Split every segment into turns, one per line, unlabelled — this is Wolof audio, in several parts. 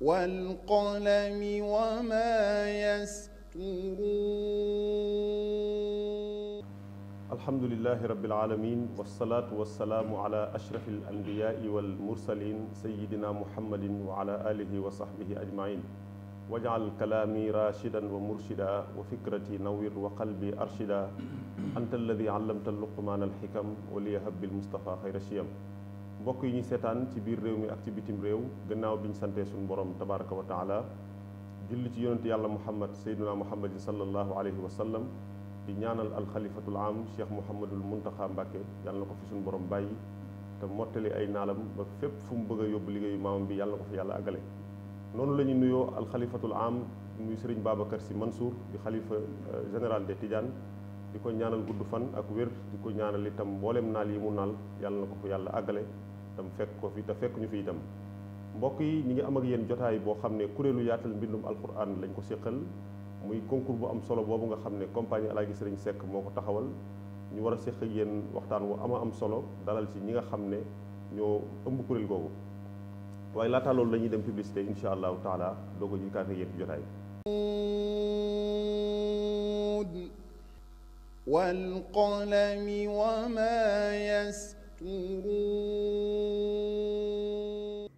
والقلم وما يسطرون الحمد لله رب العالمين والصلاة والسلام على أشرف الأنبياء والمرسلين سيدنا محمد وعلى آله وصحبه أجمعين واجعل كلامي راشدا ومرشدا وفكرتي نوير وقلبي أرشدا أنت الذي علمت اللقمان الحكم وليهب المصطفى خير الشيم bokk yi ñuy seetaan ci biir réew mi ak ci bitim réew gannaaw bi ñu santee suñu borom tabaraka wa taala dillu ci yonent yàlla muhammad sayyiduna muhammadin sallallahu alayhi wa sallam di ñaanal al alxalifatul am cheikh mouhamadul muntaxa mbàkke yàlla na ko fi suñu borom bàyyi te mottali ay naalam ba fépp fu mu bëgg yóbbu liggéeyu maamam bi yàlla na ko fi yàlla àggale noonu la ñu nuyoo alxalifatul am muy sëriñ babacar si mansour di xalifa euh, général des tidiane di ko ñaanal gudd fan ak wér di ko ñaanal itam mboolem naal yi mu naal yàlla na ko yàlla àggale tam fekk ko fi te fekk ñu fi itam mbokk yi ñu ngi am ak yéen jotaay boo xam ne kuréelu yaatal mbindum alquran lañ ko séqal muy concours bu am solo boobu nga xam ne compagnie Alaaji Sëriñ sekk moo ko taxawal ñu war a séq ak yéen waxtaan wu ama am solo dalal ci ñi nga xam ne ñoo ëmb kuréel googu waaye laata loolu lañuy dem publicité incha allahu taala doo ko jikkaat ak yéen ci jotaay wal qalami wa yas تكفرون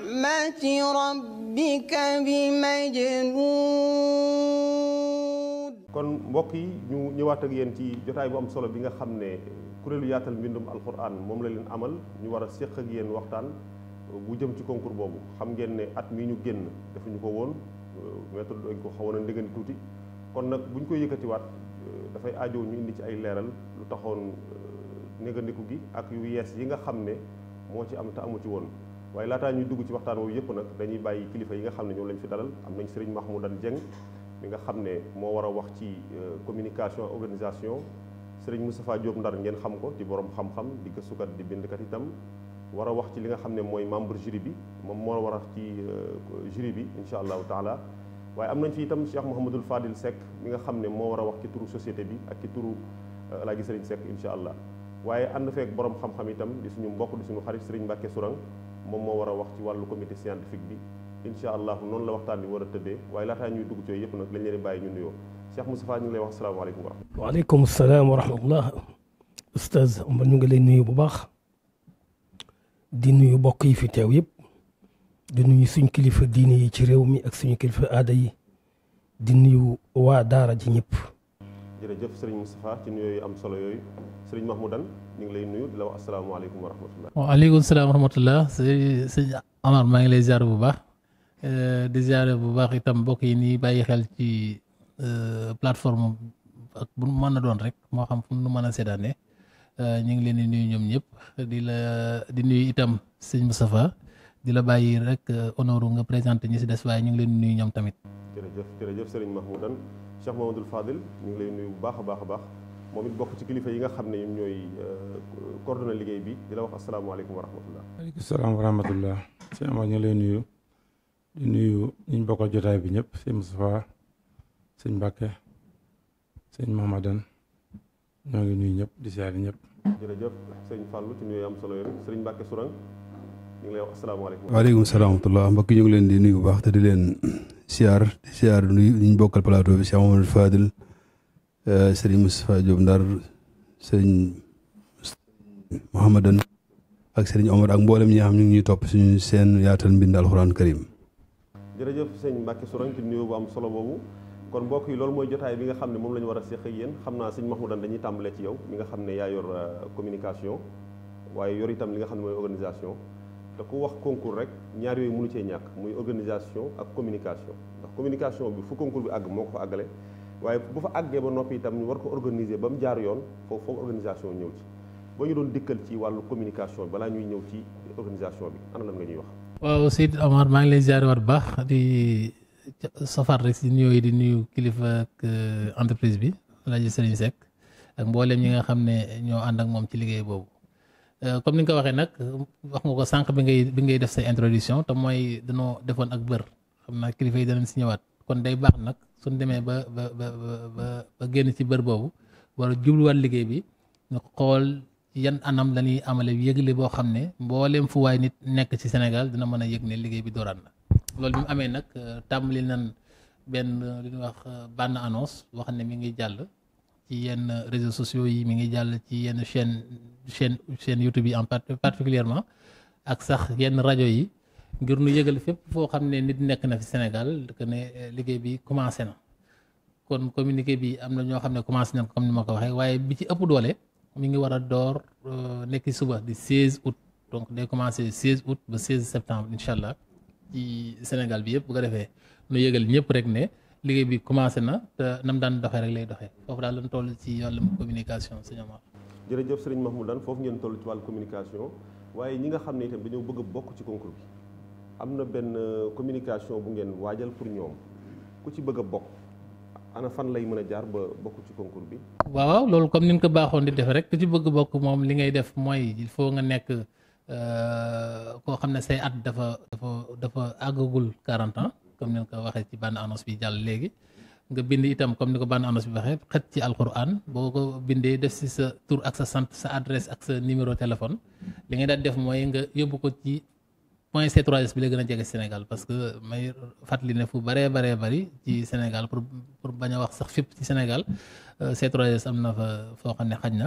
نعمة ربك بمجنون kon mbokk
yi ñu ñëwaat ak yéen ci jotaay bu am solo bi nga xam ne kuréelu yaatal mbindum alxuraan moom la leen amal ñu war a séq yéen waxtaan bu jëm ci concours boobu xam ngeen ne at mi ñu génn defuñu ko woon euh, méthode dañ ko xawoon a ndégani tuuti kon nag buñ koy yëkkatiwaat euh, dafay aajow ñu indi ci ay leeral lu taxoon euh, négandiku gi ak yu yees yi nga xam ne moo ci am te amu ci woon waaye laataa ñuy dugg ci waxtaan woowu yëpp nag dañuy bàyyi kilifa yi nga xam ne ñoom lañ fi dalal am nañ sëriñ Mahmoudane Dieng mi nga xam ne moo war a wax ci euh, communication organisation sëriñ Moustapha Diop Ndar ngeen xam ko di borom xam-xam di gëstukat di bindkat itam war a wax ci li nga xam ne mooy membre jury bi moom moo war a wax ci euh, jury bi incha allahu taala waaye am nañ fi itam Cheikh Mouhamadul Fadil Seck mi nga xam ne moo war a wax ci turu société bi ak ci turu euh, Alaaji Sëriñ Seck incha allah waaye ànd feek borom xam-xam itam di suñu mbokk suñu xarit sëriñ Mbàkke Sourang moom moo war a wax ci wàllu comité scientifique bi incha allah noonu la waxtaan bi war a tëddee waaye laataa ñuy dugg ci yëpp nag lañ leen di bàyyi ñu nuyoo Cheikh Moustapha ñu ngi lay wax asalaamaaleykum
wa rahmatulah. salaam wa rahmatulah. Oustaz ñu ngi lay nuyu bu baax di nuyu mbokk yi fi teew yëpp di nuyu suñu kilifa diine yi ci réew mi ak suñu kilifa aada yi di nuyu waa daara ji ñëpp.
jërëjëf sëriñ Moustapha ci nuyoo yu am solo yooyu sëriñ Mahmoudane ñu ngi lay nuyu di la wax asalaamaaleykum
wa rahmatullah. waaleykum salaam wa rahmatullah sëñ Amar maa ngi lay ziar bu baax euh, di ziar bu baax itam mbokk yi nii bàyyi xel ci euh, plateforme ak bu mu mën a doon rek moo xam fu mu mën a seetaanee euh, ñu ngi leen di nuyu ñoom ñëpp di la di nuyu itam sëñ Moustapha di la bàyyi rek honneur nga présenté ñi si des waaye ñu ngi leen di nuyu ñoom tamit.
jërëjëf jërëjëf sëriñ Mahmoudane Cheikh Mamadou Fadil ñu bu baax a baax bokk ci kilifa yi nga xam ne ñoom ñooy euh, coordonné liggéey bi di wa rahmatullah.
waaleykum salaam ngi lay nuyu di nuyu ñu ñu bi ñëpp sëñ Moustapha sëñ Mbacke sëñ
Mahamadan ñoo ngi nuyu ñëpp
di siyaare ñëpp. jërëjëf sëñ Fallou ci nuyu am solo yooyu sëñ Mbacke Sourang ñu ngi lay wax asalaamaaleykum. waaleykum salaam wa
rahmatullah mbokk ñu leen di nuyu bu baax te di leen. siyaar di siyaar nuyu ñu bokkal plateau bi Cheikh Mamadou Fadil eh, sëriñ Moustapha Diop Ndar sëriñ Mouhamadan ak sëriñ Omar ak mboolem ñi nga xam ñu ngi topp suñu seen yaatal mbind alxuraan karim.
jërëjëf sëñ Mbacke Sourang nu nuyoo bu am solo boobu kon mbokk yi loolu mooy jotaay bi nga xam ne moom la ñu war a séq ak yéen xam naa sëñ Mahmoudan dañuy tàmbale ci yow mi nga xam ne yaa yor euh, communication waaye yor itam li nga te ku wax concours rek ñaar yooyu mënu cee ñàkk muy organisation ak communication ndax communication bi fu concours bi àgg moo ko fa àggale waaye bu fa àggee ba noppi itam ñu war ko organiser ba mu jaar yoon foofu foofu organisation ñëw ci ba ñu doon dikkal ci wàllu communication balaa ñuy ñëw ci organisation bi ana lan nga ñuy wax.
waaw Seydou Amar maa ngi lay ziare waat baax di safar rek si nuyoo yi di nuyu kilifa ak euh, entreprise bi El Hadj Serigne Seck ak mboolem ñi nga xam ne ñoo ànd ak moom ci liggéey boobu. Euh, comme ni nga ko waxee nag wax nga ko sànq bi ngay bi ngay def say introduction te mooy danoo defoon ak bër xam naa kilifa yi danañ si ñëwaat kon day baax nag suñ demee ba ba ba génn ci bër boobu wala jubluwaat liggéey bi ñu xool yan anam la ñuy amale yëgle boo xam ne mbooleem fu waay nit nekk ci Sénégal dina mën a yëg ne liggéey bi dooraan la loolu bi mu amee nag euh, tàmbali nan benn li ñuy wax euh, bànn annonce wax ne mi ngi jàll ci yenn réseaux sociaux yi mi ngi jàll ci yenn chaîne chaîne chaîne YouTube yi en particulièrement ak sax yenn rajo yi ngir nu yëgal fépp foo xam ne nit nekk na fi Sénégal que ne eh, liggéey bi commencé na kon communiqué bi am na ñoo xam ne commencé nañ ko comme ni ma ko waxee waaye bi ci ëpp doole mi ngi war a door euh, nekk suba di 16 août donc day commencé 16 août ba 16 septembre incha allah ci Sénégal bi yëpp bu ko defee nu yëgal ñëpp rek ne liggéey bi commencé na te nam daan doxee rek lay doxee foofu daal lañ toll ci wàllum communication sëñ Omar
jërëjëf sëriñ Mahmoudane foofu ngeen toll ci wàllu communication waaye ñi nga xam ne itam dañoo bëgg a ci concours am na benn euh, communication bu ngeen waajal pour ñoom ku ci bëgg a bokk ana fan lay mën a jaar ba bokk ci concours bi.
waaw loolu comme ni nga ko baaxoon di def rek ku ci bëgg bokk moom li ngay def mooy il faut nga nekk euh, koo xam ne say at dafa dafa dafa àggagul 40 comme ni nga ko waxee ci bande annonce bi jàll léegi nga bind itam comme ni ko bande annonce bi waxee xët ci alquran boo ko bindee def si sa tur ak sa sant sa adresse ak sa numéro téléphone li ngay daal def mooy nga yóbbu ko ci point C3S bi la gën a jege Sénégal parce que may fàttali ne fu bëree baree bëri ci Sénégal pour pour bañ a wax sax fépp ci Sénégal euh, C3S am na fa foo xam ne xaj na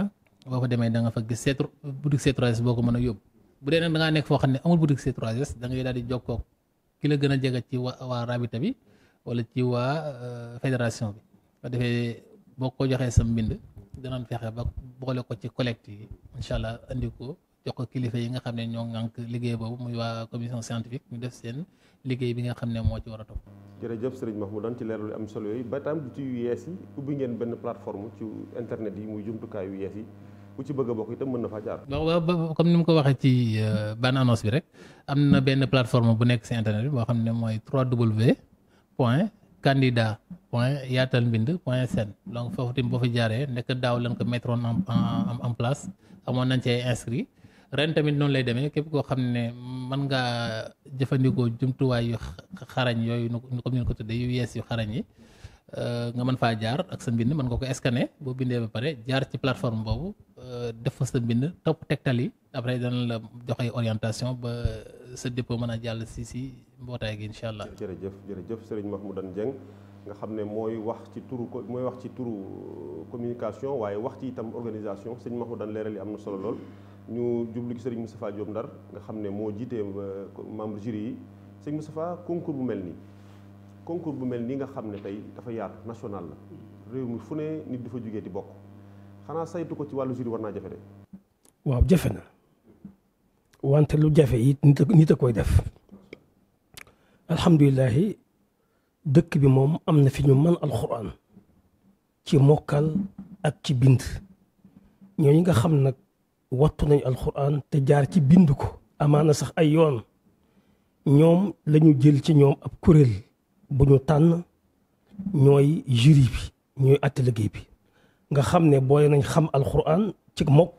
boo fa demee da nga fa gis C3 boutique boo ko mën a yóbbu bu dee nag da ngaa nekk foo ki la gën a jege ci waa rabita bi wala ci waa euh, fédération bi ba defee boo ko joxee sam mbind danañ fexe ba boole ko ci collect yi incha allah andi ko jox ko kilifa yi nga xam ne ñoo ŋànk liggéey boobu muy waa commission scientifique ñu def seen liggéey bi nga xam ne moo ci war a topp.
jërëjëf mu doon ci leeral am solo yooyu ba tam ci yu yi ubbi ngeen benn plateforme ci internet yi muy jumtukaay yu yees yi. ku ci bëgg a bokk itam mën na faa jaar.
waaw waaw comme ni mu ko waxee ci euh, ban annonce bi rek am na benn plateforme bu nekk si internet bi boo xam ne mooy 3W point candidat point yaatal mbind point sn donc foofu tamit boo fa jaaree nekk daaw lañ ko mettre en en place amoon nañ ci ay inscrits ren tamit noonu lay demee képp koo xam ne mën ngaa jëfandikoo jumtuwaay yu xarañ yooyu nu ni ñu ko tuddee yu yees yu xarañ yi. Euh, nga man faa jaar ak sa mbind mën nga ko scanner boo bindee ba pare jaar ci plateforme boobu euh, def fa sa mbind topp tegtali après dana la joxe ay orientation ba sa dépôt mën a jàll si si mbootaay gi incha allah.
jërëjëf jërëjëf Serigne Mahmoudane Dieng nga xam ne mooy wax ci turu mooy wax ci turu euh, communication waaye wax ci itam organisation Serigne Mahmoudane leeral yi am na solo lool ñu jublu ci Serigne Moustapha Diop Ndar nga xam ne moo jiite membre jury yi Serigne Moustapha concours bu mel nii. concours bu mel ni nga xam ne tey dafa yaatu national la réew mi fu ne nit dafa jógee di bokk xanaa saytu ko ci wàllu jury war naa jafe de.
waaw jafe na wante lu jafe it nit a koy def alhamdulilahi dëkk bi moom am na fi ñu mën alxuraan ci mokkal ak ci bind ñooñu nga xam nag wattu nañu alxuraan te jaar ci bind ko amaana sax ay yoon ñoom lañu jël ci ñoom ab kuréel bu ñu tànn ñooy jury bi ñooy àtte liggéey bi nga xam ne boole nañ xam alxuraan ci mokk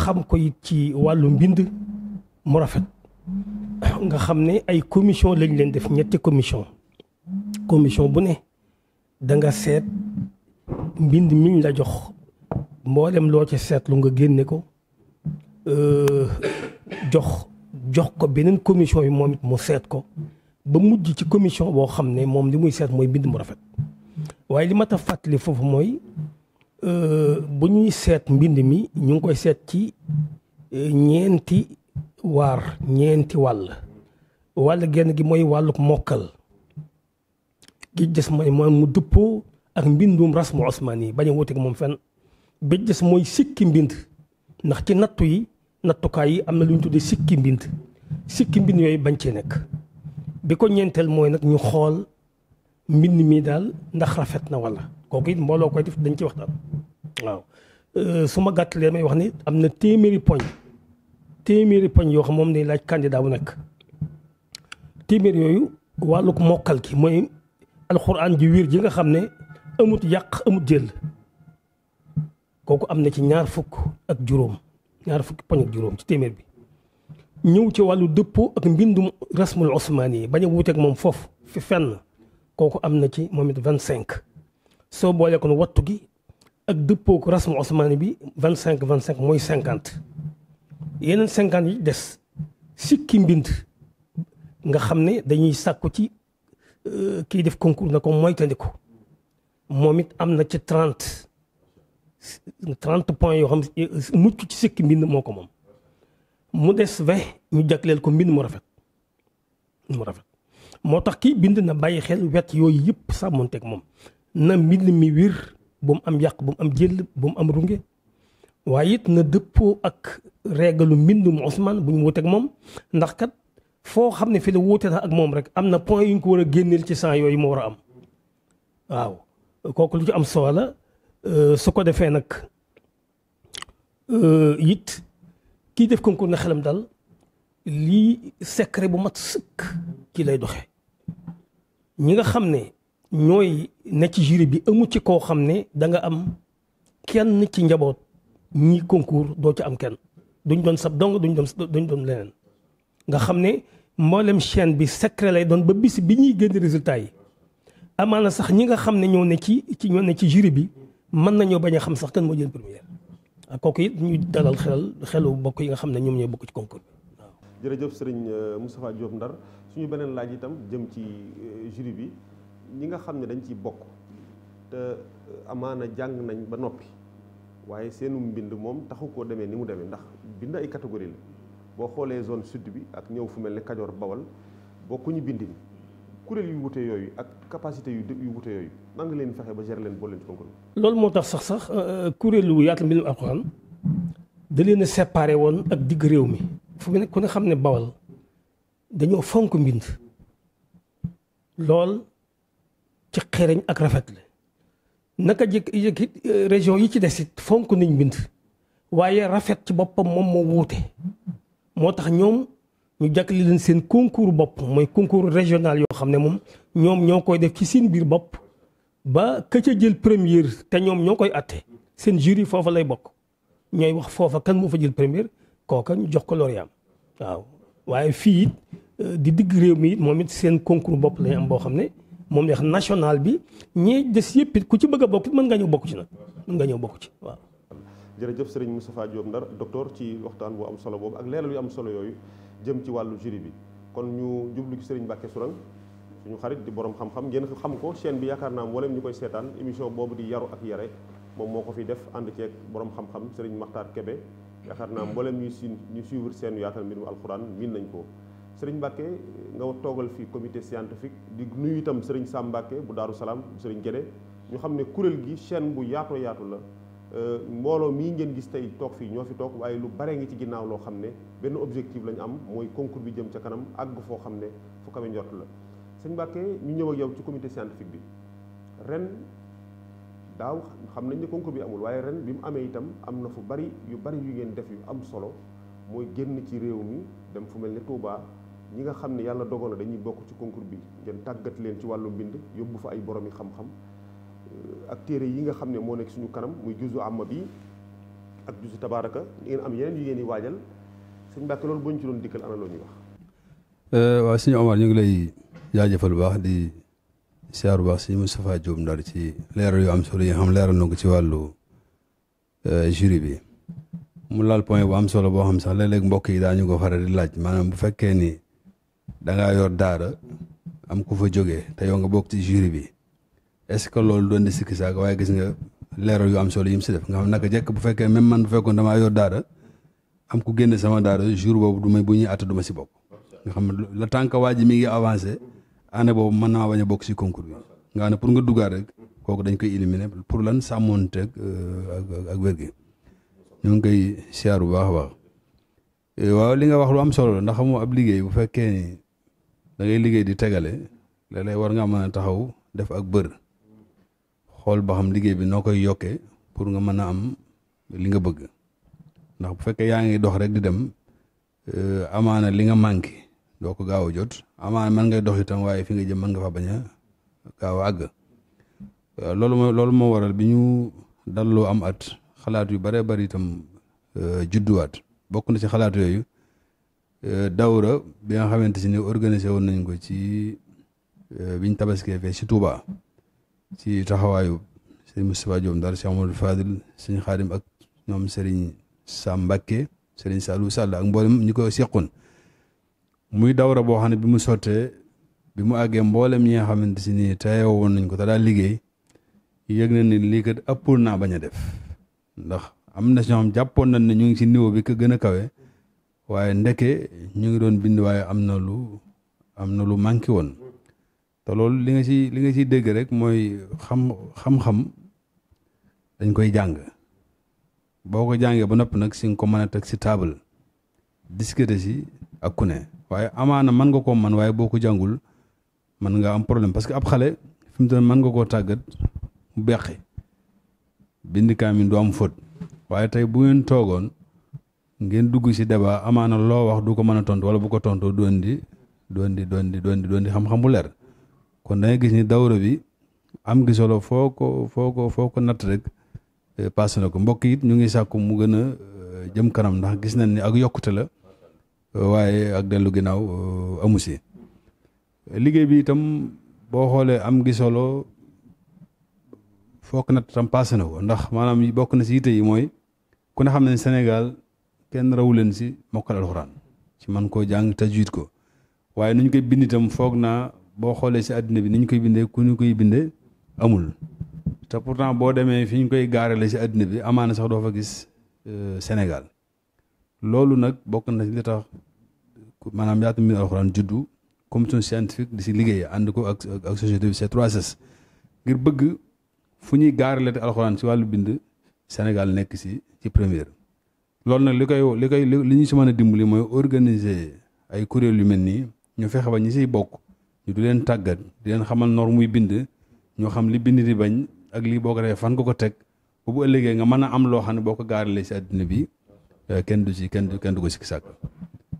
xam ko it ci wàllu mbind mu rafet nga xam ne ay commission lañ leen def ñetti commission commission bu ne da nga seet mbind miñ la jox mboolem loo ci seetlu nga génne ko euh, jox jox ko beneen commission yi moom it mu seet ko ba mujj ci commission boo xam ne moom li muy seet mooy bind mu rafet waaye li ma ta fàttali foofu mooy euh, bu ñuy seet mbind mi ñu ngi koy seet ci euh, ñeenti waar ñeenti wàll wàll genn gi mooy wàlluk mokkal gi des mooy mooy mu dëppoo ak mbindum rasmu osmaan yi bañ a wuuteeg moom fenn bi des mooy sikki mbind ndax ci nattu yi nattukaay yi am na lu ñu tuddee sikki mbind sikki mbind yooyu bañ cee nekk bi ko ñeenteel mooy nag ñu xool mbind mi daal ndax rafet na wala kooku it mbooloo koy def dañ ci waxtaan waaw euh, su ma gàttalee may wax ni am na téeméeri poñ téeméeri poñ yoo xam moom day laaj candidat bu nekk téeméer yooyu wàllu mokkal ki mooy alxuraan ji wiir ji nga xam ne amut yàq amut jël kooku am na ci ñaar fukk ak juróom ñaar fukki poñ ak juróom ci téeméer bi ñëw ci wàllu dëppoo ak mbindum rasmul osmaani yi bañ a wuuteeg moom foofu fi fenn kooku am na ci moom it vingt cinq soo boolee kon wattu gi ak dëppoo ko rasmul osmaani bi vingt cinq vingt cinq mooy cinquante yeneen cinquante yi des sikki mbind nga xam ni dañuy sàkku ci euh, kii def concours na ko moytandiku moom it am na ci trente trente points yoo xam euh, mucc ci sikki mbind moo ko moom mu des vingt ñu jagleel ko mbind mu rafet mu rafet moo tax kii bind na bàyyi xel wet yooyu yëpp sàmmonteeg moom na mbind mi wir bu mu am yàq bu mu am jëll bu mu am runge waaye it na dëppoo ak reegalu mbindum Ousmane bu ñu wuteeg moom ndax kat foo xam ne fi la wuute na ak moom rek am na point yu ñu ko war a génneel ci sang yooyu mu war a am waaw kooku lu ci am solo la euh, su ko defee nag euh, it kii def concours na xelam dal lii secret bu mat sëkk kii lay doxee ñi nga xam ne ñooy ne ci jury bi amu ci koo xam ne da nga am kenn ci njaboot ñi concours doo ci am kenn duñ doon sab dong duñ doon duñ doon leneen nga xam ne mboolem chaîne bi secret lay doon ba bis bi ñuy génn résultat yi amaan na sax ñi nga xam ne ñoo ne ci ci ñoo ne ci jury bi mën nañoo bañ a xam sax kan moo jël première. kooku it ñu dalal xelal xelu mbokk yi nga xam ne ñoom ñooy bokk ci concours
bi waaw. jërëjëf sëriñ euh, Moustapha Diop Ndar suñu beneen laaj itam jëm ci euh, jury bi ñi nga xam ne dañ ci bokk te euh, amaana jàng nañ ba noppi waaye seenu mbind moom taxu koo demee ni mu demee ndax bind ay catégorie la boo xoolee zone sud bi ak ñëw fu mel ni Kajoor Bawal bokkuñu bind bi kuréel yu wute yooyu ak capacité yu yu wute yooyu nan nga leen fexe ba gérer leen boole leen
loolu moo tax sax sax euh, euh, kuréel wu yaatal mbindum alxuraan da leen a séparé woon ak digg réew mi fu mu ne ku xam ne bawal dañoo fonk mbind lool ci xereñ ak rafet la naka jëkk yëkkit euh, région yi ci des it fonk nañ mbind waaye rafet ci boppam moom moo wuute moo tax ñoom. ñu jàkkale leen seen concours bopp mooy concours régional yoo xam ne moom ñoom ñoo koy def ci seen biir bopp ba ka ca jël première te ñoom ñoo koy atte seen jury foofa lay bokk ñooy wax foofa kan moo fa jël première kooka ñu jox ko lauréat waaw waaye fii it euh, di digg réew mi moom it seen concours bopp lañ am boo xam ne moom wax national bi ñi des yëpp it ku ci bëgg a bokk mën nga ñëw bokk ci nag mën nga ñëw bokk ci waaw.
jërëjëf sëriñ Moustapha Diop Ndar docteur ci waxtaan bu am solo boobu ak leeral yu am solo yooyu. jëm ci wàllu jury bi kon ñu jublu ci Serigne Mbacke Sourang suñu xarit di borom xam-xam ngeen xam ko chaîne bi yaakaar naa mboolem ñu koy seetaan émission boobu di yaru ak yare moom moo ko fi def ànd ceeg borom xam-xam Serigne Makhtar Kebe yaakaar naa mboolem ñuy si ñu suivre seen yaatal mbirum alxuraan miin nañ ko. Serigne Mbacke nga toogal fi comité scientifique di nuyu itam Serigne Sam Mbacke bu Daaru Salaam Serigne Guédé ñu xam ne kuréel gi chaîne bu yaatoo yaatu la. Euh, mbooloo mii ngeen gis tey toog fii ñoo fi toog waaye lu bare ngi ci ginnaaw loo xam ne benn objectif lañu am mooy concur bi jëm ca kanam àgg foo xam ne fu kawe njort la sëñ Mbàkke ñu ñëw ak yow ci comité scientifique bi ren daaw xam nañ ne concours bi amul waaye ren bi mu amee itam am na fu bari yu bari yu ngeen def yu am solo mooy génn ci réew mi dem fu mel ni Touba ñi nga xam ne yàlla dogal na dañuy bokk ci concours bi ngeen tàggat leen ci wàllu mbind yóbbu fa ay borom yi ak téere yi nga xam ne moo nekk suñu kanam muy juzu amma bi ak juzu tabaaraka di ngeen am yeneen yu ngeen di waajal sëñ Mbàkke loolu boo ci doon dikkal ana ñuy wax.
Euh, waaw sëñ Omar ñu ngi lay jaajëfal bu baax di siyaar bu baax sëñ Moustapha Diop Ndar ci leeral yoo am solo yi nga xam leeral na ci wàllu euh, jury bi. mu laal point bu am solo boo xam sax léeg-léeg mbokk yi ñu ko faral di laaj maanaam bu fekkee ni da yor daara am ku fa jóge te yow nga bokk ci jury bi. est-ce que loolu doon di sikki saak waaye gis nga leeral yu am solo yi si def nga xam naka jekk bu fekkee même man bu fekkoon damaa yor daara am ku génne sama daara jour boobu du may bu ñuy àtt du ma si bokk nga xam ne le temps que waa mi ngi avancé année boobu mën naa bañ a bokk si concours bi nga xam ne pour nga duggaat kooku dañ koy éliminer pour lan sàmmoonte ak euh, ak wér gi ñu koy siyaar bu baax a baax eh, waaw li nga wax lu am solo ndax moo ab liggéey bu fekkee ni da ngay liggéey di tegale la léeg war nga mën a taxaw def ak bër xool ba xam liggéey bi noo koy yokkee pour nga mën a am li nga bëgg ndax bu fekkee yaa ngi dox rek di dem euh, amaana li nga manqué doo ko gaaw a jot amaana mën ngay dox itam waaye fi nga jëm mën nga fa bañ a gaaw a àgg loolu moo loolu moo waral bi ñu dalloo am at xalaat yu bare bari itam euh, judduwaat bokk na ci xalaat yooyu euh, dawra bi nga xamante si ni organisé woon nañ ko ci biñ tabaskee fee si Touba ci taxawaayu sëriñ Moustapha Diom daal Cheikh Amadou Fadil sëriñ Xaadim ak ñoom sëriñ sa Mbacké sëriñ Saliou Sall ak mboolem ñi ko seqoon muy dawra boo xam ne bi mu sottee bi mu àggee mboolem ñi nga xamante si nii tayoo woon nañ ko te daal liggéey yëg na ni lii kat ëppoon naa bañ a def ndax am na si ñoo xam jàppoon nañ ne ñu ngi si niveau bi ko gën a kawe waaye ndeke ñu ngi doon bind waaye am na lu am na lu manqué woon te loolu li nga ci li nga ciy dégg rek mooy xam xam-xam dañ koy jàng boo ko jàngee ba noppi nag si nga ko mën a teg si table discuter si ak ku ne waaye amaana mën nga koo man waaye boo ko jàngul mën nga am problème parce que ab xale fi mu toll mën nga koo tàggat mu beqi bind kaamil du am fóot waaye tey bu ngeen toogoon ngeen dugg si débat amaana loo wax du ko mën a tontu wala bu ko tontoo doon di doon di doon di doon di doon di xam-xam bu leer kon da gis ni dawra bi am gi solo foo ko foo ko foo ko natt rek eh, passé na ko mbokk yit ñu ngi sàkku mu gën a eh, jëm kanam ndax gis nañ ni ak yokkute la eh, waaye ak dellu ginnaaw amu liggéey bi itam boo xoolee am gi solo foo ko natt tam passé na ko ndax maanaam bokk na si yitte yi mooy ku ne xam ne Sénégal kenn rawu leen si mokkal alxuraan ci man koo jàng tajwid ko waaye nu koy bind itam foog naa boo xoolee si àddina bi ni ñu koy bindee ku ñu koy bindee amul te pourtant boo demee fi ñu koy gaaralee si àddina bi amaana sax doo fa gis euh, Sénégal loolu nag bokk na li tax maanaam Yaatal Mbindum Alxuraan juddu commission scientifique di si liggéey ànd ko ak ak société bi C3S ngir bëgg fu ñuy gaarale te alxuraan si wàllu bind Sénégal nekk si ci première. loolu nag li koy li koy li ñu si mën a dimbali mooy organiser ay kuréel yu mel nii ñu fexe ba ñi siy bokk. ñu du leen tàggat di leen xamal norm muy bind ñoo xam li bind di bañ ak lii boo ko defee fan nga ko teg ba bu ëllëgee nga mën a am loo xam ne boo ko gaaralee si àddina bi eh, kenn du si kenn du kenn du ko sikki sàkk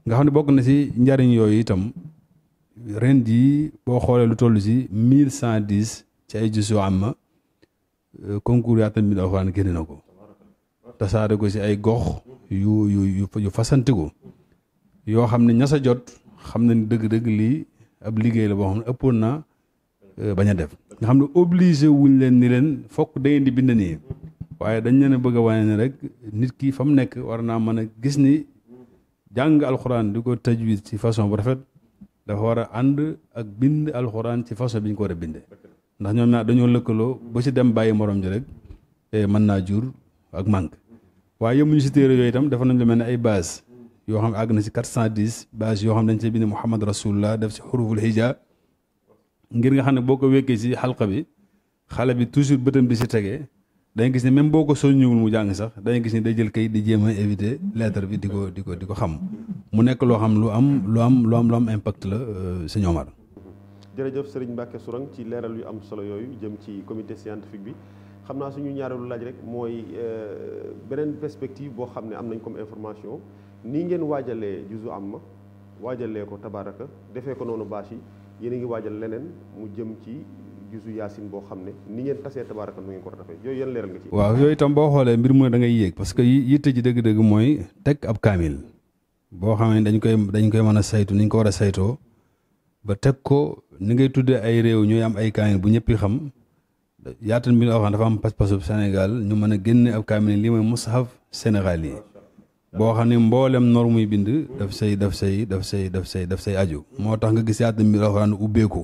nga xam ne bokk na si njariñ yooyu itam ren jii boo xoolee lu toll si mille cent dix ci ay jus yoo am ma eh, concours yaatal mbind alxuraan génne na ko tasaare ko si ay gox yu yu yu fasantiku yoo xam ne ñasa jot xam nañ dëgg-dëgg lii ab liggéey la boo xam ne ëppoon naa euh, bañ a def nga xam ne obligé wuñ leen ni leen fokk da di bind nii waaye dañ leen a bëgg a wane ne rek nit ki fa mu nekk war naa mën a gis ni jàng alxuraan di ko tajwid ci façon bu rafet dafa war a ànd ak bind alxuraan ci façon bi ñu ko war a binde ndax ñoom naa dañoo lëkkaloo ba ci dem bàyyi moroom ji rek eh, mën naa jur ak manque waaye yëmuñu si téere yooyu itam dafa nañ lu mel ne ay base yoo xam àgg na ci 410 bâche yoo xam dañ see bind Muhammad Rasulullah def ci xuruful hija ngir nga xam ne boo ko wekkee ci xalqa bi xale bi toujours bëtam bi si tegee dañuy gis ne même boo ko soññiwul mu jàng sax dañuy gis ne day jël kayit di jéem a éviter lettre bi di ko di ko di ko xam mu nekk loo xam lu am lu am lu am impact la euh, sëñ Omar.
jërëjëf sëriñ Mbacke Sourang ci leeral yu am solo yooyu jëm ci comité scientifique bi xam naa suñu ñaareelu laaj rek mooy euh, beneen perspective boo xam ne am nañ comme information. nii ngeen waajalee juzu am ma waajalee ko tabaraka defee ko noonu bâche yi yéen a ngi waajal leneen mu jëm ci juzu yaasin boo xam ne ni ngeen tasee tabaraka nu ngeen ko war a defee yooyu yan leeral nga ci. waaw yooyu
itam boo xoolee mbir mu ne da yéeg. parce que yitte ji dëgg-dëgg mooy teg ab kaamil boo xam ne dañ koy dañ koy mën a saytu ni ñu ko war a saytoo ba teg ko ni ngay tuddee ay réew ñooy am ay kaamil bu ñëpp xam yaatal mbir yoo xam dafa am pas-pasu Sénégal ñu mën a génne ab kaamil lii mooy mushaf Sénégal yi. boo xam ne mboolem norme yi bind daf say daf say daf say daf say daf say aju moo tax nga gis yàlla tamit alxuraan ubbeeku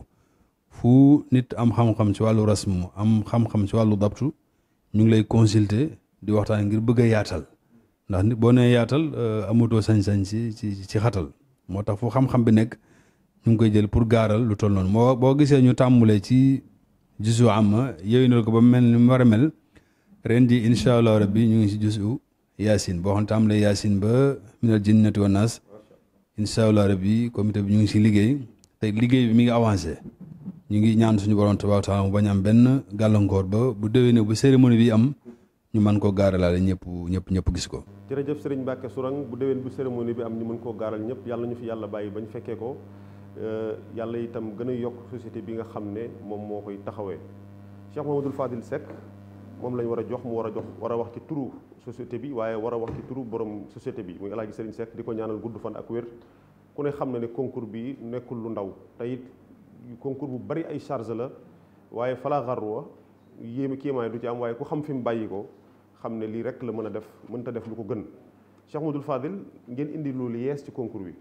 fu nit am xam-xam ci wàllu rasmu am xam-xam ci wàllu dabtu ñu ngi lay consulter di waxtaan ngir bëgg a yaatal ndax nit boo nee yaatal euh, amatoo sañ-sañ ci ci ci xatal moo tax fu xam-xam bi nekk ñu ngi koy jël pour gaaral lu toll noonu moo boo gisee ñu tàmmulee ci jusu am ma yooyu ko ba mel ni mu war a mel ren incha allah rabbi ñu ngi ci jusu yaasin boo xam ne tàmbalee yaasin ba minal jinnati wa nas incha allah bi ñu ngi si liggéey te liggéey bi mi ngi avancé ñu ngi ñaan suñu borom tabaaraka taala mu bañ am benn gàllankoor ba bu déwénee bu cérémonie bi am ñu mën koo gaaralaale ñëpp ñëpp ñëpp gis ko.
jërëjëf Serigne Mbacke Sourang bu déwén bu cérémonie bi am ñu mën koo gaaral ñëpp yàlla ñu fi yàlla bàyyi bañ fekkee ko euh, yàlla itam gën a yokk société bi nga xam ne moom moo koy taxawee Cheikh Mamadou Fadil Seck moom lañu war a jox mu war a jox war a wax ci turu société bi waaye war a wax ci turu borom société bi muy El Hadj Serigne Seck di ko ñaanal gudd fan ak wér ku ne xam na ne concours bi nekkul lu ndaw te it concours bu bari ay charge la waaye fala xarwa yéemi kéemaay du ci am waaye ku xam fi mu bàyyi ko xam ne lii rek la mën a def mënta def lu ko gën Cheikh Modou Fadil ngeen indi loolu yees ci concours bi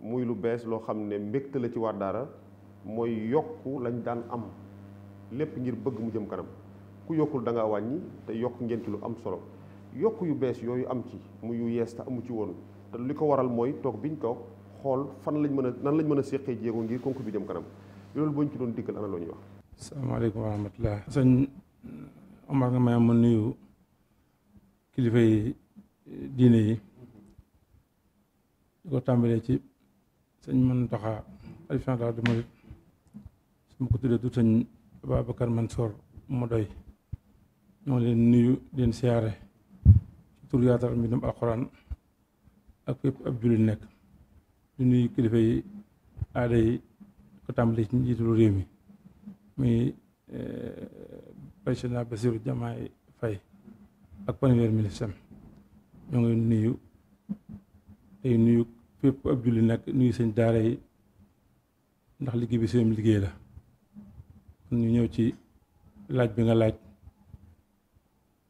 muy lu bees loo xam ne mbégte la ci waa daara mooy yokk lañ daan am lépp ngir bëgg mu jëm kanam ku yokkul danga ngaa wàññi te yokk ngeen lu am solo yokk yu bees yooyu am ci mu yu yees te amu ci woon te li ko waral mooy toog biñ toog xool fan lañ mën a nan lañ mën a séqee jéego ngir konk bi dem kanam loolu boo ñu ci doon dikkal
ana loo ñuy wax. asalaamaaleykum wa rahmatulah. sëñ Omar ma nuyu kilifa yi diine yi di ko ci sëñ Mountakha xalifa général des mourides ko tuddee du sëñ Ababacar Mansour mu doy. ñoo leen nuyu leen siyaare ci tur yaatal mbindum alxuraan ak fépp ab jullit nekk ñu nuyu kilifa yi aada yi ko tàmbali ci njiitalu réew mi muy président eh, Bassirou Diomaye Faye ak premier ministre ñoo nuyu nuyu fépp ab jullit nekk seen daara yi ndax liggéey bi seen liggéey la ñu ñëw ci laaj bi nga laaj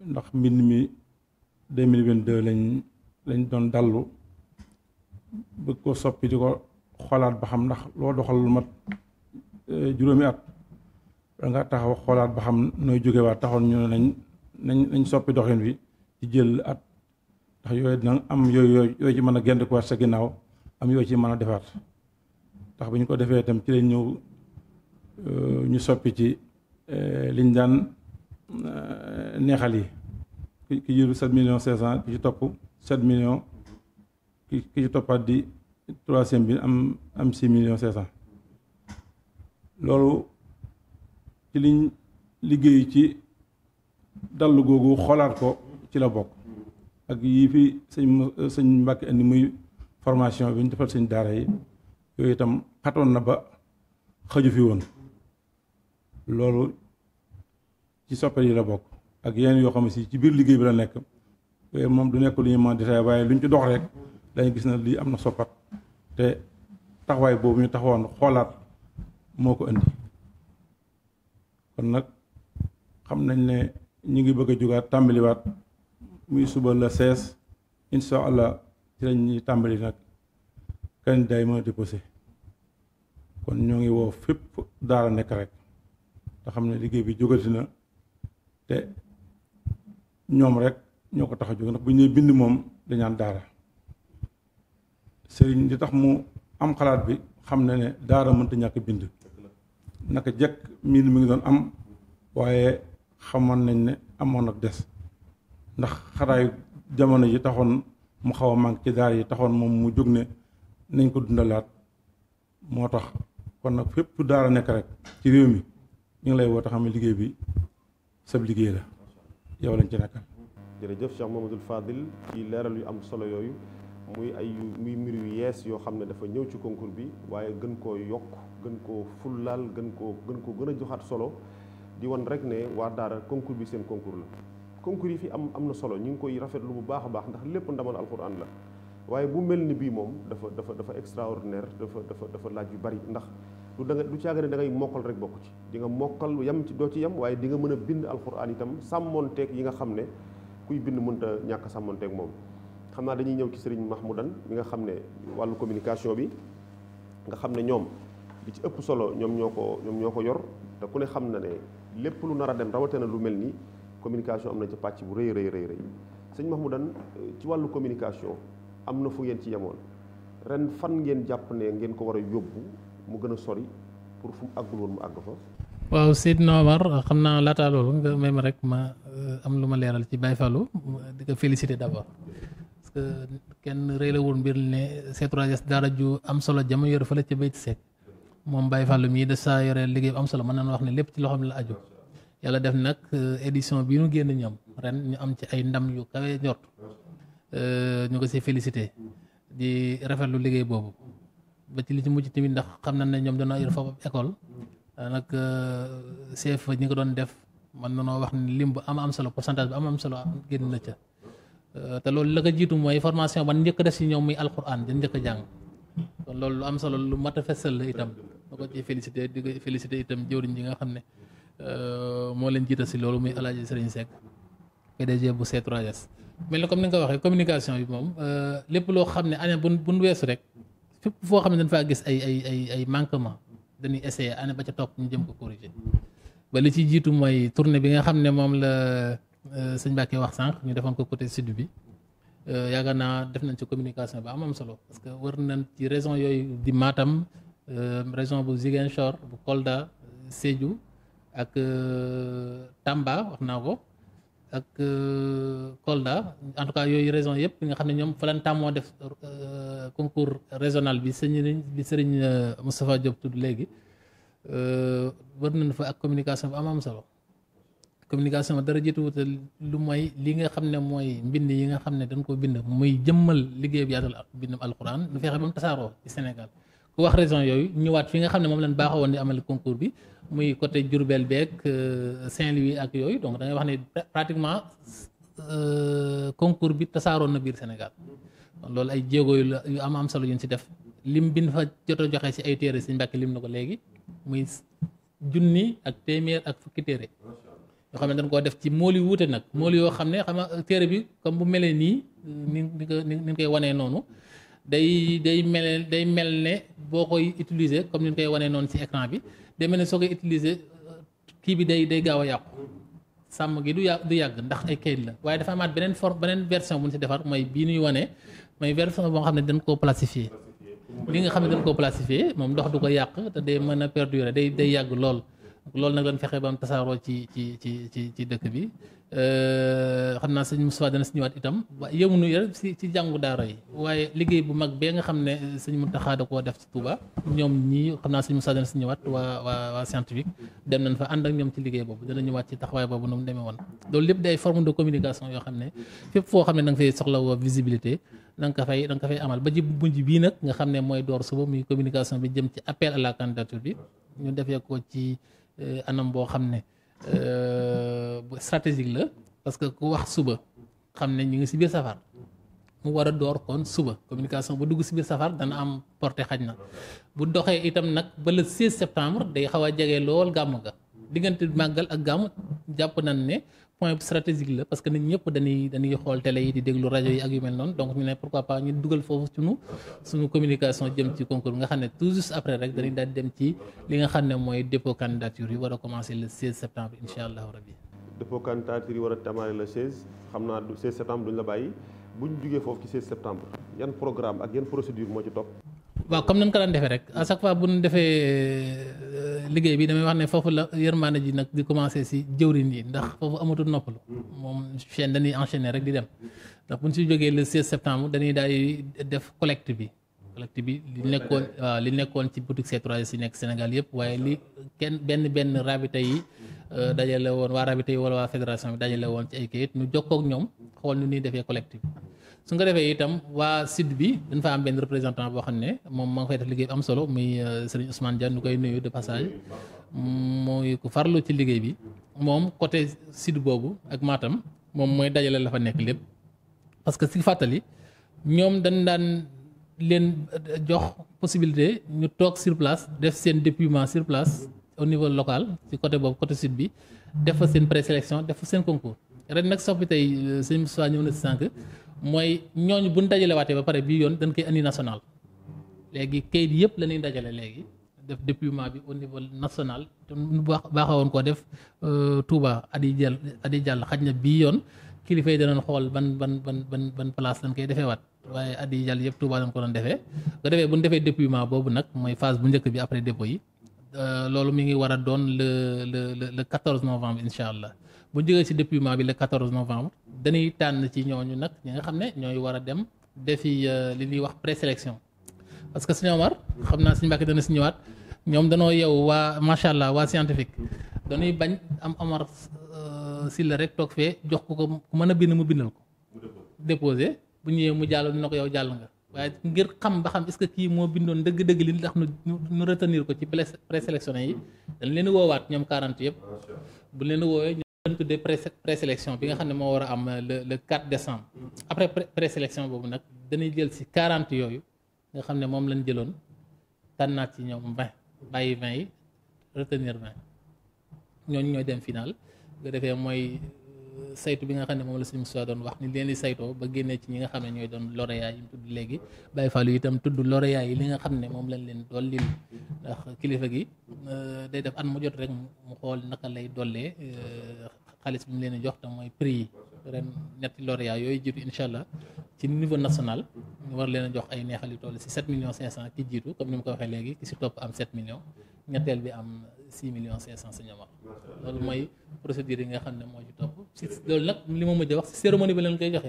ndax mbind mi mille de lañ lañ doon dallu bëgg ko soppi di ko xoolaat ba xam ndax loo doxal lu mat eh, juróomi at da nga taxaw xoolaat ba xam nooy jógewaat taxoon ñu ne nañ nañ nañ soppi doxin wi ci jël at ndax yooyu dina am yooyu yooyu ci mën a génn ko sa ginnaaw am yooyu ci mën a defaat ndax bu ñu ko defee itam ci lañ ñëw eh, ñu soppi ci eh, liñ daan neexal yi ki jiitu sept millions cinq cent ki ci topp set million ki ki ci toppaat di troisième bi am am six millions cinq cent loolu ci liñ liggéey ci dall googu xoolaat ko ci la bokk ak yii fi sëñ sëñ indi muy formation bi ñu defal sëñ daara yi yooyu itam xatoon na ba xaju fi woon loolu ci soppe yi la bokk ak yeneen yoo xam ne si ci biir liggéey bi la nekk moom du nekk lu ñu mën détaillé waaye lu ñu ci dox rek lañu gis na lii am na soppat te taxawaay boobu ñu taxawoon xoolaat moo ko indi kon nag xam nañ ne ñu ngi bëgg a jógaat tàmbaliwaat muy suba la sees incha allah ci lañ ñuy tàmbali nag kan day mën a kon ñoo ngi woo fépp daara nekk rek te xam ne liggéey bi jógati na te ñoom rek ñoo ko tax a jóg ndax bu ñu nee bind moom dañaan daara sëriñ di tax mu am xalaat bi xam na ne daara mënta ñàkk bind naka jekk mbind mi ngi doon am waaye xamoon nañ ne amoon ak des ndax xaraayu jamono yi taxoon mu xaw a manqué ci daara yi taxoon moom mu jóg ne nañ ko dund laat moo tax kon nag fépp daara nekk rek ci réew mi ñu ngi lay woo taxam liggéey bi sab liggéey la yow lañ ci nekkal.
jërëjëf Cheikh Mamadou Fadil ci leeral yu am solo yooyu muy ay muy mir yu yees yoo xam ne dafa ñëw ci concours bi waaye gën koo yokk gën koo fullaal gën koo gën koo gën a joxaat solo di wan rek ne waa daara concours bi seen concours la. concours yi fi am am na solo ñu ngi koy rafetlu bu baax a baax ndax lépp ndamal alxuraan la. waaye bu mel ni bii moom dafa dafa dafa extraordinaire dafa dafa dafa laaj yu bari ndax du da nga du caaga ne da ngay mokkal rek bokk ci di nga mokkal yem ci doo ci yem waaye di nga mën a bind alxuraan tam sàmmonteeg yi nga xam ne kuy bind mënta ñàkk sàmmonteeg moom xam naa dañuy ñëw ci sëriñ Mahmoudan mi nga xam ne wàllu communication bi nga xam ne ñoom li ci ëpp solo ñoom ñoo ko ñoom ñoo ko yor te ku ne xam na ne lépp lu nar a dem rawatina lu mel ni communication am na ci pàcc bu rëy rëy rëy rëy sëñ Mahmoudan ci wàllu communication am na fu ngeen ci yemoon ren fan ngeen jàpp ne ngeen ko war a yóbbu mu gën a sori pour fu mu àggul woon mu àgg fa.
waaw Seydina Omar xam naa laataa loolu nga may ma rek ma euh, am lu ma leeral ci Baye Fallou di ko féliciter d'abord parce que kenn réy la woon mbir ne C3S daara ju am solo jama yore fële ca Bayti Seck moom Baye Fallou mii de sa yore liggéey bu am solo mën nañu wax ne lépp ci loxoom la aju yàlla def nag euh, édition bi nu génn ñoom ren ñu am ci ay Euh, ñu ko si félicité di rafetlu liggéey boobu ba ci li ci mujj tamit ndax xam nañ ne ñoom dañoo yor foofu école nag CFA ñu ko doon def man na noo wax ni lim bu am am solo pourcentage bu am am solo génn na ca euh, te loolu la ko jiitu formation ban njëkk def si ñoom muy alquran dañ njëkk a jàng kon loolu lu am solo lu mat a itam ma ko ci félicité di ko félicité itam jëwriñ ji nga xam ne euh, moo leen jiita si loolu muy alaaji Serigne Seck PDG bu C3S mais la comme ni nga ko waxee communication bi moom euh, lépp loo xam ne année bu bu weesu rek fépp foo xam ne dañ faa gis ay ay ay ay manquement dañuy essayer année ba ca topp ñu jëm ko corriger ba li ci jiitu mooy tournée bi nga xam ne moom la euh, sëñ Mbacke wax sànq ñu defoon ko côté sud bi euh, yaakaar naa def nañ ci communication bi am am solo parce que war nañ ci raison yooyu di Matam région bu Ziguinchor bu Kolda Sédhiou ak Tamba wax naa ko. ak euh, Kolda en tout cas yooyu raison yëpp nga xam ne ñoom fa lañ tàmmoo def euh, concours régional bi sëñ bi sëriñ euh, Moustapha Diop tudd léegi war nañ fa ak communication bu am am solo communication dara jiituwut lu mooy li nga xam ne mooy mbind yi nga xam ne dañ ko bind muy jëmmal liggéey bi yaatal bindam alquran lu fexe ba mu tasaaroo ci Sénégal wax raison yooyu ñëwaat fi nga xam ne moom lañ baaxoo woon di amal concours bi muy côté Diourbel beeg euh, Saint-Louis ak yooyu donc da wax ne pratiquement euh, concours bi tasaaroon na biir Sénégal loolu ay jéego yu am am solo yu ñu si def lim bi ñu fa jot a joxe si ay téere si Mbàkke lim na ko léegi muy junni ak téeméer ak fukki téere yoo xam ne dañ ko def ci mool yi wuute nag mool yoo xam ne xam nga téere bi comme bu melee nii ni ni ni koy wanee noonu day day mel day mel ne boo koy utiliser comme ni ñu koy wanee noonu ci écran bi day mel ne soo koy utiliser kii bi day day gaaw a yàqu sàmm gi du yà du yàgg ndax ay kayit la waaye dafa amaat beneen forme beneen version bu ñu ci defar mooy bii ñuy wanee mooy version boo xam ne dañ koo plastifié li nga xam ne dañ koo plastifié moom ndox du ko yàq te day mën a perdurer day day yàgg lool loolu nag lañ fexe ba am tasaaroo ci ci ci ci ci dëkk bi euh, xam naa sëñ Moussa dana si ñëwaat itam waaye yëmunu rek si ci jàngu daara yi waaye liggéey bu mag bee nga xam ne sëñ Mountakha da koo def ci Touba ñoom ñii xam naa sëñ Moussa dana si ñëwaat waa waa waa scientifique dem nañ fa ànd ak ñoom ci liggéey boobu dana ñëwaat ci taxawaay boobu nu mu demee woon loolu lépp day yoo xam ne fépp foo xam ne da nga fay soxla woo visibilité da nga ko fay da nga fay amal ba ji bunj bii nag nga xam ne mooy door suba muy communication bi jëm ci appel à la candidature bi ñu defee ko ci Euh, anam boo xam ne euh, bu stratégique la parce que ku wax suba xam ne ñu ngi si biir safar mu war a door kon suba communication bu dugg si biir safar dana am porté xaj na bu doxee itam nag ba le 16 septembre day xaw a jege lool gàmm ga diggante màggal ak gàmm jàpp nañ ne point stratégique la parce que nit ñëpp dañuy dañuy xool télé yi déglu rajo yi ak yu mel noonu donc ñu ne pourquoi pas ñu dugal foofu suñu communication jëm ci concours bi nga xam ne tout juste après rek dañuy daal dem ci li nga xam ne mooy dépôt candidature yi war a commencer le 16 septembre incha allahu rabbi
dépôt candidature yi war a tamaale le 16 xam naa 16 septembre duñ la bàyyi buñ jugee foofu ci 16 septembre yan programme ak yan procédure
waaw comme nañ ko daan defee rek à chaque fois bu ñu defee euh, liggéey bi damay wax ne foofu la yërmaane ji nag di commencé si jëwriñ yi ndax foofu amatul nopp noppalu moom chaîne dañuy enchaîner rek di dem ndax bu ñu si jógee le 16 septembre dañuy daal def collecte bi collecte bi li nekkoon waaw li nekkoon ci boutique C3S nekk Sénégal yëpp waaye li kenn benn benn rabita yi euh, dajale woon waa rabita yi wala waa fédération bi dajale woon ci ay kayit ñu jokkoo ak ñoom xool nu ñuy defee collecte bi su nga defee itam waa sud bi dañ fa am benn représentant boo xam ne moom moo ngi fay def liggéey bu am solo muy euh, sëriñ Ousmane Dia koy nuyu de passage mooy ku farlu ci liggéey bi moom côté sud boobu ak maatam moom mooy dajalee la fa nekk lépp. parce que si fàttali ñoom dañ daan leen euh, jox possibilité ñu toog sur def seen dépouillement sur au niveau local ci côté boobu côté sud bi def fa seen présélection def fa seen concours ren nag soppi tey euh, sëñ Moussa ñëw na si sànq. mooy ñooñ bu ñu dajalewaatee ba pare bii yoon dañ koy indi national léegi kayit yëpp la ñuy léegi def déploiement bi au niveau national baax baaxa woon koo def euh, Touba at yi jàll at yi jàll xaj na bii yoon kilifa yi danañ xool ban ban ban ban ban place lañ koy defee waat waaye at yi jàll yëpp Touba lañ ko doon defee nga defee bu ñu defee déploiement boobu nag mooy phase bu njëkk bi après dépôt yi euh, loolu mi ngi war a doon le le le le 14 novembre incha allah. bu ñu jógee ci déploiement bi le 14 novembre dañuy tànn ci ñooñu nag ñu nga xam ne ñooy war a dem defi euh, li ñuy wax présélection parce que sëñ Omar xam naa suñu mbàkk dana si ñëwaat ñoom danoo yeewu waa macha allah waa scientifique dañuy bañ am Omar euh, Sylla rek toog fee jox ko ko ku mën a bind mu bindal ko. déposé bu ñëwee mu jàll na ko yow jàll nga waaye ngir xam ba xam est que kii moo bindoon dëgg-dëgg li tax nu nu retenir ko ci présélectionné yi dañ leen woowaat ñoom 40 yëpp bu leen woowee. dañ tuddee pré présélection bi nga xam ne moo war a am euh, le le 4 décembre après présélection boobu nag danay jël si 40 yooyu nga xam ne moom lañ jëloon tànnaat ci ñoom 20 bayi 20 yi retenir 20 ñooñu ñooy dem final nga defee mooy saytu bi nga xam ne moom la sëñ Moussa doon wax ni leen di saytoo ba génnee ci ñi nga xam ne ñooy doon lauréat yi tudd léegi Baye Fall yi itam tudd lauréat yi li nga xam ne moom lañ leen dollil ndax kilifa gi euh, day def at mu jot rek mu xool naka lay dollee euh, xaalis bi mu leen di jox te mooy prix yi ren ñetti lauréat yooyu jiitu incha allah ci niveau national ñu war leen a jox ay neexal yu toll si 7 millions 500 ki jiitu comme ni mu ko waxee léegi ki si topp am six millions cinq cent sëñ Omar loolu mooy procédure yi nga xam ne moo ci topp si loolu nag li ma mujj a wax si cérémonie bi leen koy nga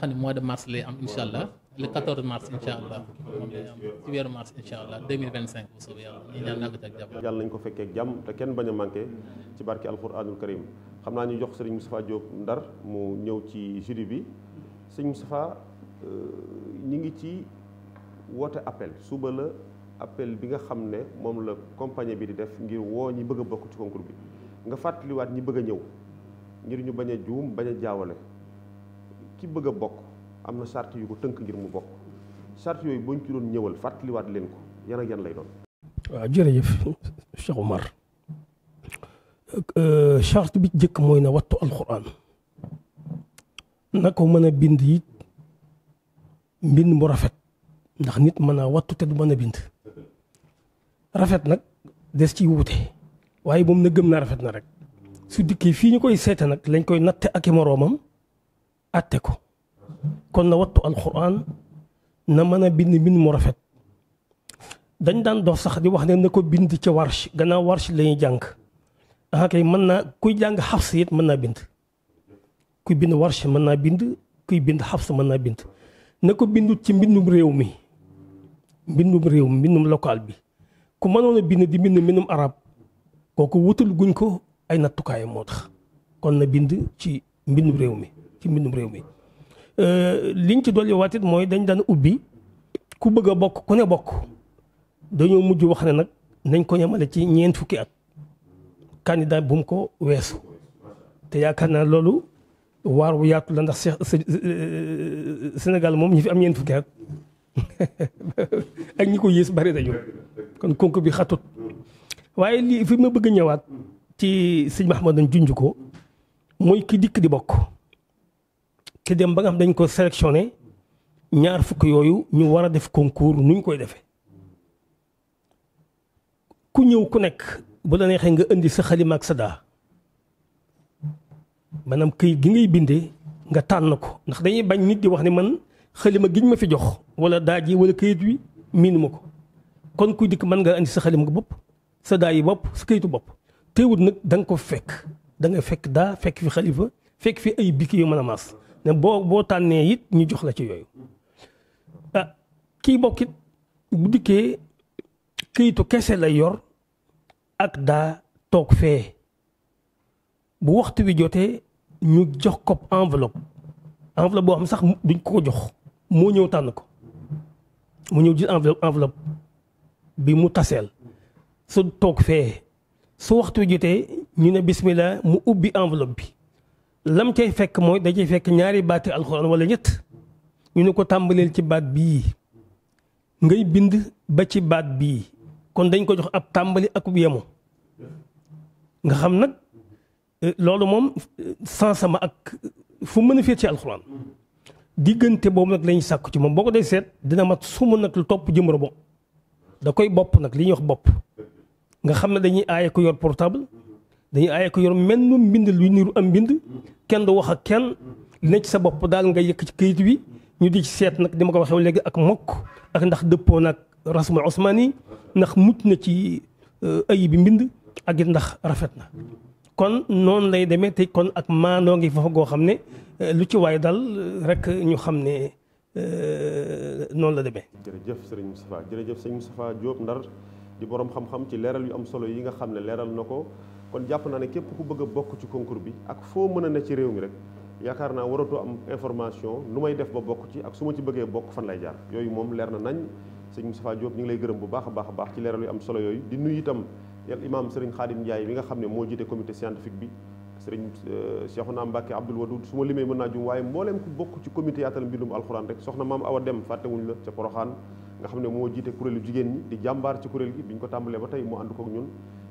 xam ne mois de mars lay am insha allah le 14 mars insha allah moom am ci weeru mars insha allah 2025 bu soobee yàlla ñu ñaan naa ko ci
nañ ko fekkee ak jàmm te kenn bañ a manqué ci barke alquranul karim xam naa ñu jox sëriñ Moustapha Diop Ndar mu ñëw ci jury bi sëriñ Moustapha euh, ñu ngi ci woote appel suba la appel bi nga xam ne moom la compagnie bi di def ngir woo ñi bëgg a bokk ci concours bi nga fàttaliwaat ñi bëgg a ñëw ngir ñu bañ a juum bañ a jaawale ki bëgg a bokk am na charte yu ko tënk ngir mu bokk charte yooyu buñ ci doon ñëwal fàttaliwaat leen ko yan ak yan lay doon.
waaw jërëjëf Cheikh Omar euh, charte bi njëkk mooy na wattu alxuraan na ko mën a bind yi mbind mu rafet ndax nit mën a wattu te du mën a bind. rafet nag des ci wuute waaye moom na gëm na rafet na rek su dikkee fii ñu koy seete nag lañ koy natte ak i moroomam atte ko kon na wattu alxuraan na mën a bind mbind mu rafet dañ daan dox sax di wax ne na ko bind ci warsh gannaaw warsh lañuy ñuy jàng ah kay mën naa kuy jàng xafs it mën naa bind kuy bind warsh mën naa bind kuy bind xafs mën naa bind na ko bindut ci mbindum réew mi mbindum réew mi mbindum local bi ku mënoon a bind di bind mbindum arab kooku wutal guñ ko ay nattukaayam moo tax kon na bind ci mbindum réew mi ci mbindum réew mi liñ ci dolli waatit mooy dañ daan ubbi ku bëgg a bokk ku ne bokk dañoo mujj wax ne nag nañ ko ñamale ci ñeent fukki at candidat daan mu ko weesu te yaakaar naa loolu waar wu yaatu la ndax Sénégal moom ñi fi am ñeent fukki at ak ñi ko yées bari dañu kon konk bi xatut waaye lii fi ma bëgg ñëwaat ci sëñ Mahamadan junj ko mooy ki dikk di bokk ki dem ba nga xam dañ ko sélectionné ñaar fukk yooyu ñu war a def concours nu koy defee ku ñëw ku nekk bu la neexee nga indi sa xalima sa daa maanaam këyit gi ngay binde nga tànn ko ndax dañuy bañ nit di wax ni man xalima giñ ma fi jox wala daa ji wala këyit wi miinuma ko kon kuy dikk mën nga andi sa xalima bopp sa daay yi bopp sa këyitu bopp teewul nag danga nga ko fekk da nga fekk daa fekk fi xalifa fekk fi ay bikki yu mën a maas ne boo boo tànnee it ñu jox la ci yooyu ah kii bokkit bu dikkee këyitu kese lay yor ak daa toog fee bu waxtu wi jotee ñu jox ko envelopp enveloppe boo xam sax duñ ko ko jox moo ñëw tànn ko mu ñëw ji enveloppe envelop bi mu taseel su toog fee su waxtu jotee ñu ne bismillah mu ubbi enveloppe bi lam cay fekk mooy da fekk ñaari baati alxuraan wala ñett ñu ne ko tàmbaleel ci baat bii ngay bind ba ci baat bii kon dañ ko jox ab tàmbali akub yemu nga xam nag euh, loolu moom euh, sans ak fu mën a féet ci alxuraan diggante boobu nag lañuy sàkku ci moom boo ko dee seet dina mat suma nag lu topp jëm robo da koy bopp nag li ñuy wax bopp nga xam ne dañuy aaye ko yor portable dañuy aaye ko yor mel nu mbind lu niru am mbind kenn du wax ak kenn li ne sa bopp daal nga yëkk ci këyit wi ñu di ci seet nag di ma ko waxee léegi ak mokk ak ndax dëppoo nag rasmul osmaani ndax mucc na ci euh, ayi bi mbind ak it ndax rafet na kon noonu lay demee te kon ak maandoo ngi foofa goo xam ne lu ci waay dal rek ñu xam ne euh, noonu la demee. jërëjëf
sëriñ Moustapha jërëjëf sëriñ Moustapha Diop Ndar di borom xam-xam ci leeral yu am solo yi nga xam ne leeral na ko kon jàpp naa ne képp ku bëgg bokk ci concours bi ak foo mën a ne ci réew mi rek yaakaar naa waratoo am information lu may def ba bokk ci ak su ma ci bëggee bokk fan lay jaar yooyu moom leer na nañ sëriñ Moustapha Diop ñu ngi lay gërëm bu baax a baax baax ci leeral yu am solo yooyu di nuyu itam yàlla imaam sëriñ Khadim Ndiaye mi nga xam ne moo jiite comité scientifique bi sëriñ euh, Cheikhouna Mbacke Abdoul Wadoud su ma limee mën naa jum waaye mbooleem ku bokk ci comité yaatal mbindum alxuraan rek soxna maam Awa Dem fàttewuñ la ca Poroxaan nga xam ne moo jiite kuréelu jigéen ñi di jàmbaar ci kuréel gi bi ñu ko tàmbalee ba tey mu ànd kook ñun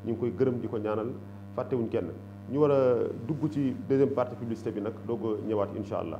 ñu ngi koy gërëm di ko ñaanal fàttewuñ kenn ñu war a dugg ci deuxième partie publicité bi nag doog ñëwaat incha allah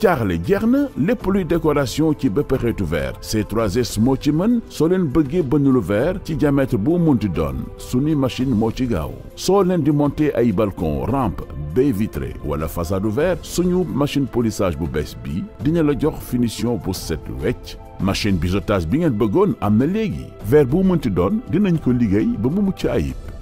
jaaxle jeex na lépp luy décoration ci bépp xeetu verre c 3 moo ci mën soo leen bëggee bënn lu verre ci diamètre bu munti doon suñu machine moo ci gaaw soo leen di monter ay balcon rampe bé vitrée wala façade verre suñu machine polissage bu bees bi dina la jox finition bu set wecc machine bi biseautage bi ngeen bëggoon am na léegi ver bu munti doon dinañ ko liggéey ba mu mucc ayib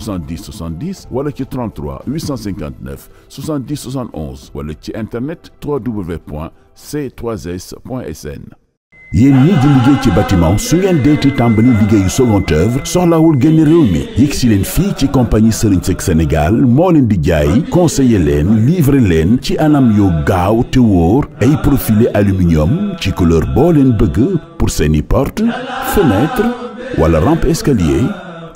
70 70 wala ci 33 859 70 71 wala ci internet www.c3s.sn. yéen ñii di liggéey ci bâtiment su ngeen deeti tàmbali liggéeyu seconde œuvre soxlawul génn réew mi yegg si leen fii ci compagnie Serigne Seck Sénégal moo leen di jaay conseiller leen livrer leen ci anam yoo gaaw te wóor ay profilé aluminium ci couleur boo leen bëgg pour seeni porte fenêtre wala rampe escalier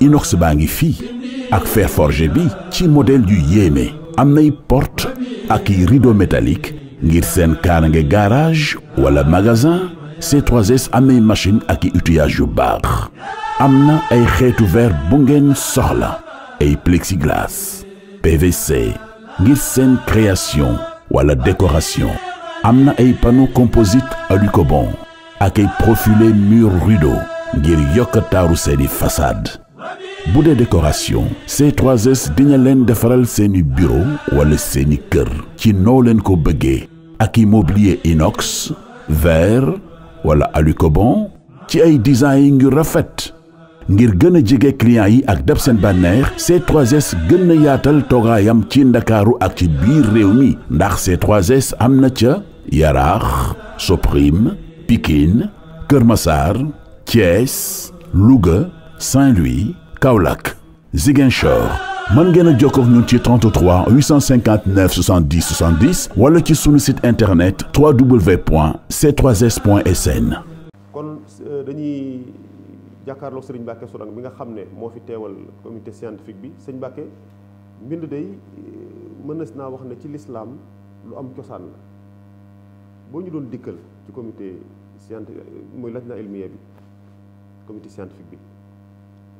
inox baa ngi fii ak fer forgé bi ci modèle yu yéeme am nay porte ak i rideau métallique ngir seen kaarange garage walla magasin C3S am machine ak i outillage baax am na ay xeetu verre bu ngeen soxla ay plexiglas PVC ngir seen création wala décoration am na ay panneau composite alucobond ak ay profilé mur rideau ngir yokk taaru seeni façade bu dee décoration C3S dina leen defaral seeni bureau wala seeni kër ci noo leen ko bëggee ak immobilier inox verre wala alucobon ci ay design ngu rafet ngir gën a jege clients yi ak dab seen bànneex C3S gën a yaatal toogaayam ci ndakaaru ak ci biir réew mi ndax c 3 am na ca Yaraax Soprim Pikine Kër Massar Thiès Louga Saint-Louis Kaolack Ziguinchor mën ngeen a jokkoo ak ñun ci 33 859 70 70 wala ci sunu site internet www.c3s.sn.
kon euh, dañuy jàkkaarloog Serigne Mbacké Sourang bi nga xam ne moo fi teewal comité scientifique bi sëñ Mbacké mbind day euh, mënees naa wax ne ci lislaam lu am cosaan la boo ñu doon dikkal ci comité scientifique euh, mooy lajna ilmiya bi comité scientifique bi.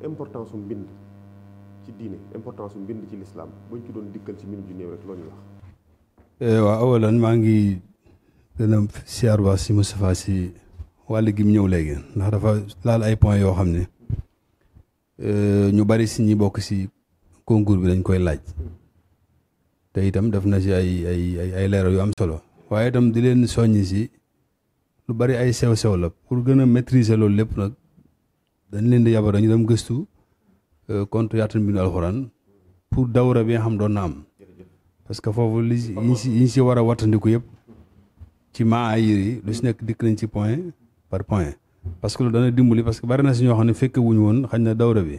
importance su mbind ci diine importance u mbind ci lislaam buñ ci doon dikkal ci minute ju néew rek loo ñu wax.
Eh, waaw awalan maa ngi gën a siyaar baax si Moustapha si wàll gi mu ñëw léegi ndax dafa laal ay points yoo xam ne eh, ñu bari si ñi bokk si concours bi dañ koy laaj te itam def na si ay ay ay leeral yu am solo waaye itam di leen soññ si lu bari ay sew sew la pour gën a maîtriser loolu lépp nag. dañ leen di yabal dañu dem gëstu euh, contre yaatal mbindu alxuraan pour dawra bi nga xam doon na am parce que foofu li ñu si yi war a wattandiku yëpp ci maa ayir yi lu si nekk dikk nañ ci point par point parce que loolu dana dimbali parce que bari na si ñoo xam ne fekk woon xañ na dawra bi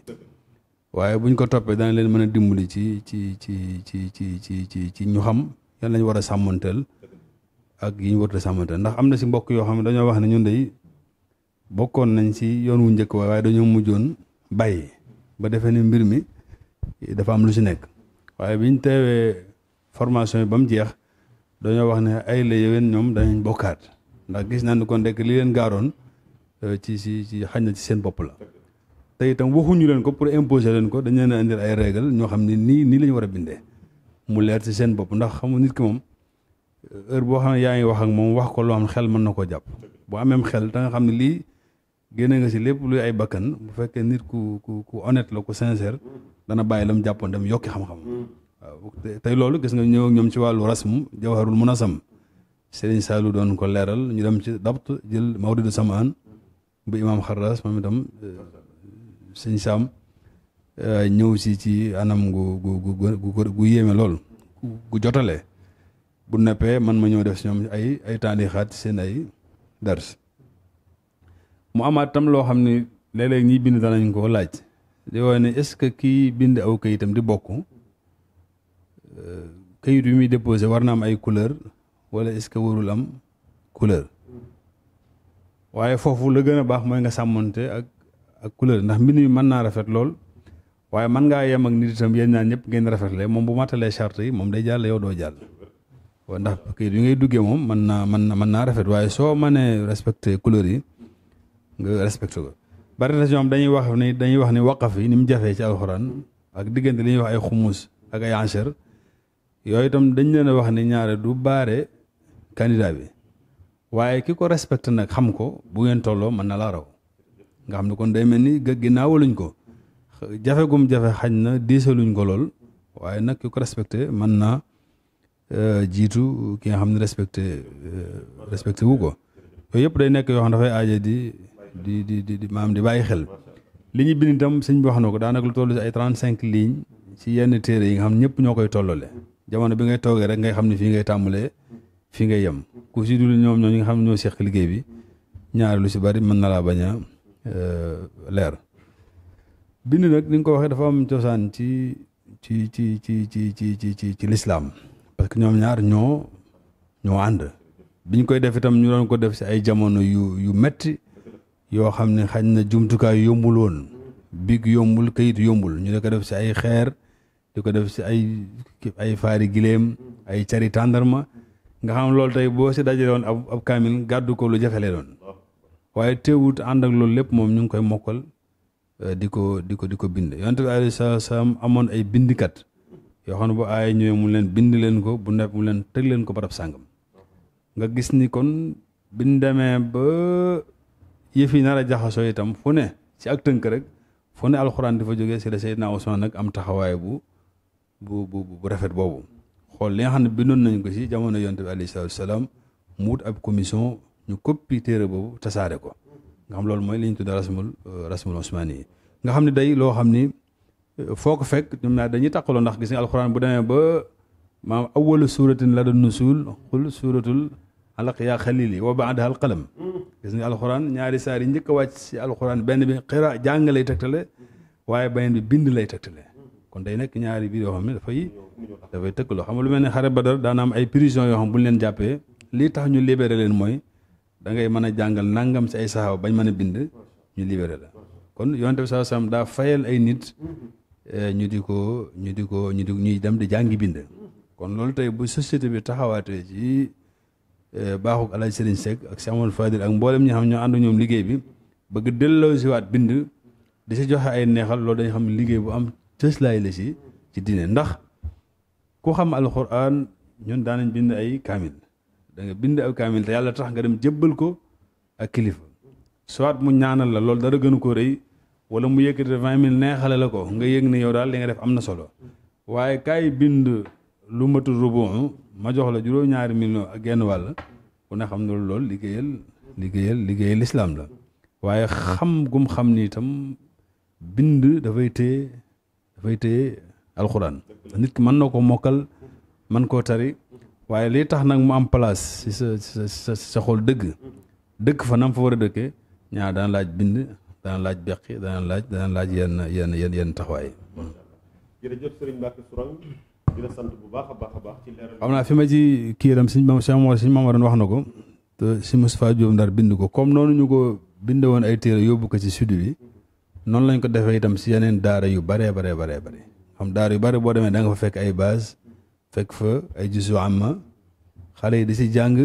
waaye buñ ko toppee dana leen mën a dimbali ci ci ci ci ci ci ci ci ñu xam yan lañ war a sàmmanteel ak yi ñu warta sàmmanteel ndax am na si mbokk yoo xam ne dañoo wax ne ñun day bokkoon nañ ci yoon wu njëkk waaye dañoo mujjoon bàyyi ba defee ni mbir mi dafa am lu si nekk waaye bi ñu teewee formation yi ba mu jeex dañoo wax ne ay la yeween ñoom danañ bokkaat ndax gis naa ni kon rek li leen gaaroon euh, ci ci ci xañ na ci seen bopp la te itam waxuñu leen ko pour imposer leen ko dañ leen a ay règle ñoo xam ne nii nii lañu ñu war a bindee mu leer ci seen bopp ndax xamu nit ki moom heure boo xam ne yaa ngi wax ak moom wax ko loo xam xel mën na koo jàpp génne nga si lépp luy ay bakkan bu fekkee nit ku ku ku honnête la ku sincère dana bàyyi la mu jàppoon dem yokki xam-xam waaw tey loolu gis nga ñëw ñoom ci wàllu rasmu jawharul munasam Serigne Saliou doon ko leeral ñu dem ci dabt jël mawridu samaan bu imaam xarras moom itam euh, sëñ Saam euh, ñëw si ci anam gu gu gu gu yéeme lool gu jotale bu neppee man ma ñëw def si ñoom ay ay tànn xat seen ay dars mu amaat tam loo xam ne léeg ñii bind danañ ko laaj di wax ne est-ce que kii bind aw kayitam di bokk euh, kayit yu muy déposé war na am ay couleur wala est-ce que warul am couleur waaye foofu la gën a baax mooy nga sàmmonte ak ak couleur ndax mbind mi mën naa rafet lool waaye man ngaa yem ak nit itam yéen ñaan ñëpp ngeen rafetle moom bu matalee charte yi moom day jàll yow doo jàll ndax kayit yu ngay duggee moom mën naa mën na mën naa rafet waaye soo manee respecté couleur yi nga respecté ko bari na si ñoom dañuy wax ni dañuy wax ni waqaf yi ni mu jafee ci alxuraan ak diggante li ñuy wax ay xumus ak ay enchère yooyu itam dañ leen a wax ni ñaare du baare candidat bi waaye ki ko respecté nag xam ko bu ngeen tolloo mën na laa raw nga xam ne kon day mel ni gë ginnaawaluñ ko jafe gum jafe xañ na diisaluñ ko lool waaye nag ki ko respecte man naa euh, jiitu ki nga xam ne respecte euh, respecté wu ko yooyu day nekk yoo xam dafay aaje di di di di maam di bàyyi xel li ñu bind tam sëñ bi wax na ko daanaka lu toll si ay trente cinq lignes ci yenn téere yi nga xam ñëpp ñoo koy tollale jamono bi ngay toogee rek ngay xam ne fii ngay tàmbalee fii ngay yem ku si dul ñoo ñi xam ñoo seq liggéey bi lu si bari mën na laa bañ a euh, leer bind nag ni nga ko waxee dafa am cosaan ci ci ci ci ci ci ci ci ci lislaam ñoom ñaar ñoo ñoo ànd biñ koy def itam ñu doon ko def si ay jamono yu yu metti yoo xam ne xañ na jumtukaay yombul woon big yombul kayit yombul ñu di ko def si ay xeer di ko def si ay ay faari giléem ay cari tàndarma nga xam loolu tey boo si dajale woon ab ab kaamil gàddu ko lu jafelee doon waaye teewut ànd ak loolu lépp moom ñu ngi koy mokkal euh, di ko di ko di ko bind yonent bi alayhi salaam amoon ay bindkat yoo xam ne bu aay ñëwee mu leen bind leen ko bu nepp mu leen tëg leen ko barab sàngam nga gis ni kon biñ ba yëf yi nar a jaxasoo itam fu ne ci ak tënk rek fu ne alxuraan dafa jógee si la Seydina Usmaan nag am taxawaay bu bu bu bu rafet boobu xool li nga xam ne bindoon nañu ko si jamono yonte bi alayhi salaatu salaam mu wut ab commission ñu coppi téere boobu tasaare ko nga xam loolu mooy li ñu tudd rasmul euh, rasmul usmaani nga xam ne day loo xam ni euh, foo ko fekk ñoom naa dañuy taqaloo ndax gis nga alxuraan bu demee ba maam awwalu suuratin la doon nusuul xul suuratul alaq yaa xalili wa baadaha alqalam gis nga alxuraan ñaari saar yi njëkk a wàcc si alxuraan benn bi xira jàng lay tegtale waaye beneen bi bind lay tegtale kon day nekk ñaari biir yoo xam ne dafay dafay tëkkaloo xam nga lu mel ne xare badar daana am ay prison yoo xam bu ñu leen jàppee li tax ñu libéré leen mooy da ngay mën a jàngal nangam si ay saxaw bañ mën a bind ñu libéré la kon yonent bi saa sam daa fayal ay nit eh, ñu di ko ñu di ko ñu di ñuy dem di jàngi bind Eh, baaxuk alaaj Sëriñ Seck ak Cheikh Amadou Fadil ak mboolem ñi xam ñoo ànd ñoom liggéey bi bëgg delloo si waat bind di si joxe ay neexal loolu dañu xam liggéey bu am cëslaay la si ci diine ndax ku xam alxuraan ñun daanañ bind ay kaamil danga bind ay kaamil te yàlla tax nga dem jébbal ko ak kilifa soit mu ñaanal la loolu dara gënu ko rëy wala mu yëkkati vingt mille neexale la ko nga yëg ne yow daal li nga def am na solo waaye kaay bind lu matul ma jox la juróom-ñaari million ak genn wàll ku ne xam ne lool liggéeyal liggéeyal liggéeyal lislaam la waaye xam gum xam ni itam bind dafay téye dafay téye alxuraan nit ki mën na ko mokkal man koo tari waaye liy tax nag mu am place si sa si sa sa xol dëgg dëkk fa nam fa war a dëkke ñaar daan laaj bind daan laaj beqi dana laaj daan laaj yenn yenn yenn yenn taxawaay
di la sant bu a baax a baax ci leeral. xam naa
fi ma ci kiiram sëñ maam sëñ maam sëñ maam wax na ko te si Moustapha Diop Ndar bind ko comme noonu ñu ko binde woon ay téere yóbbu ko ci sud bi noonu lañ ko defee itam si yeneen daara yu bare baree baree bare xam daara yu bare boo demee da nga fa fekk ay base fekk fa ay jusu amma xale yi di si jàng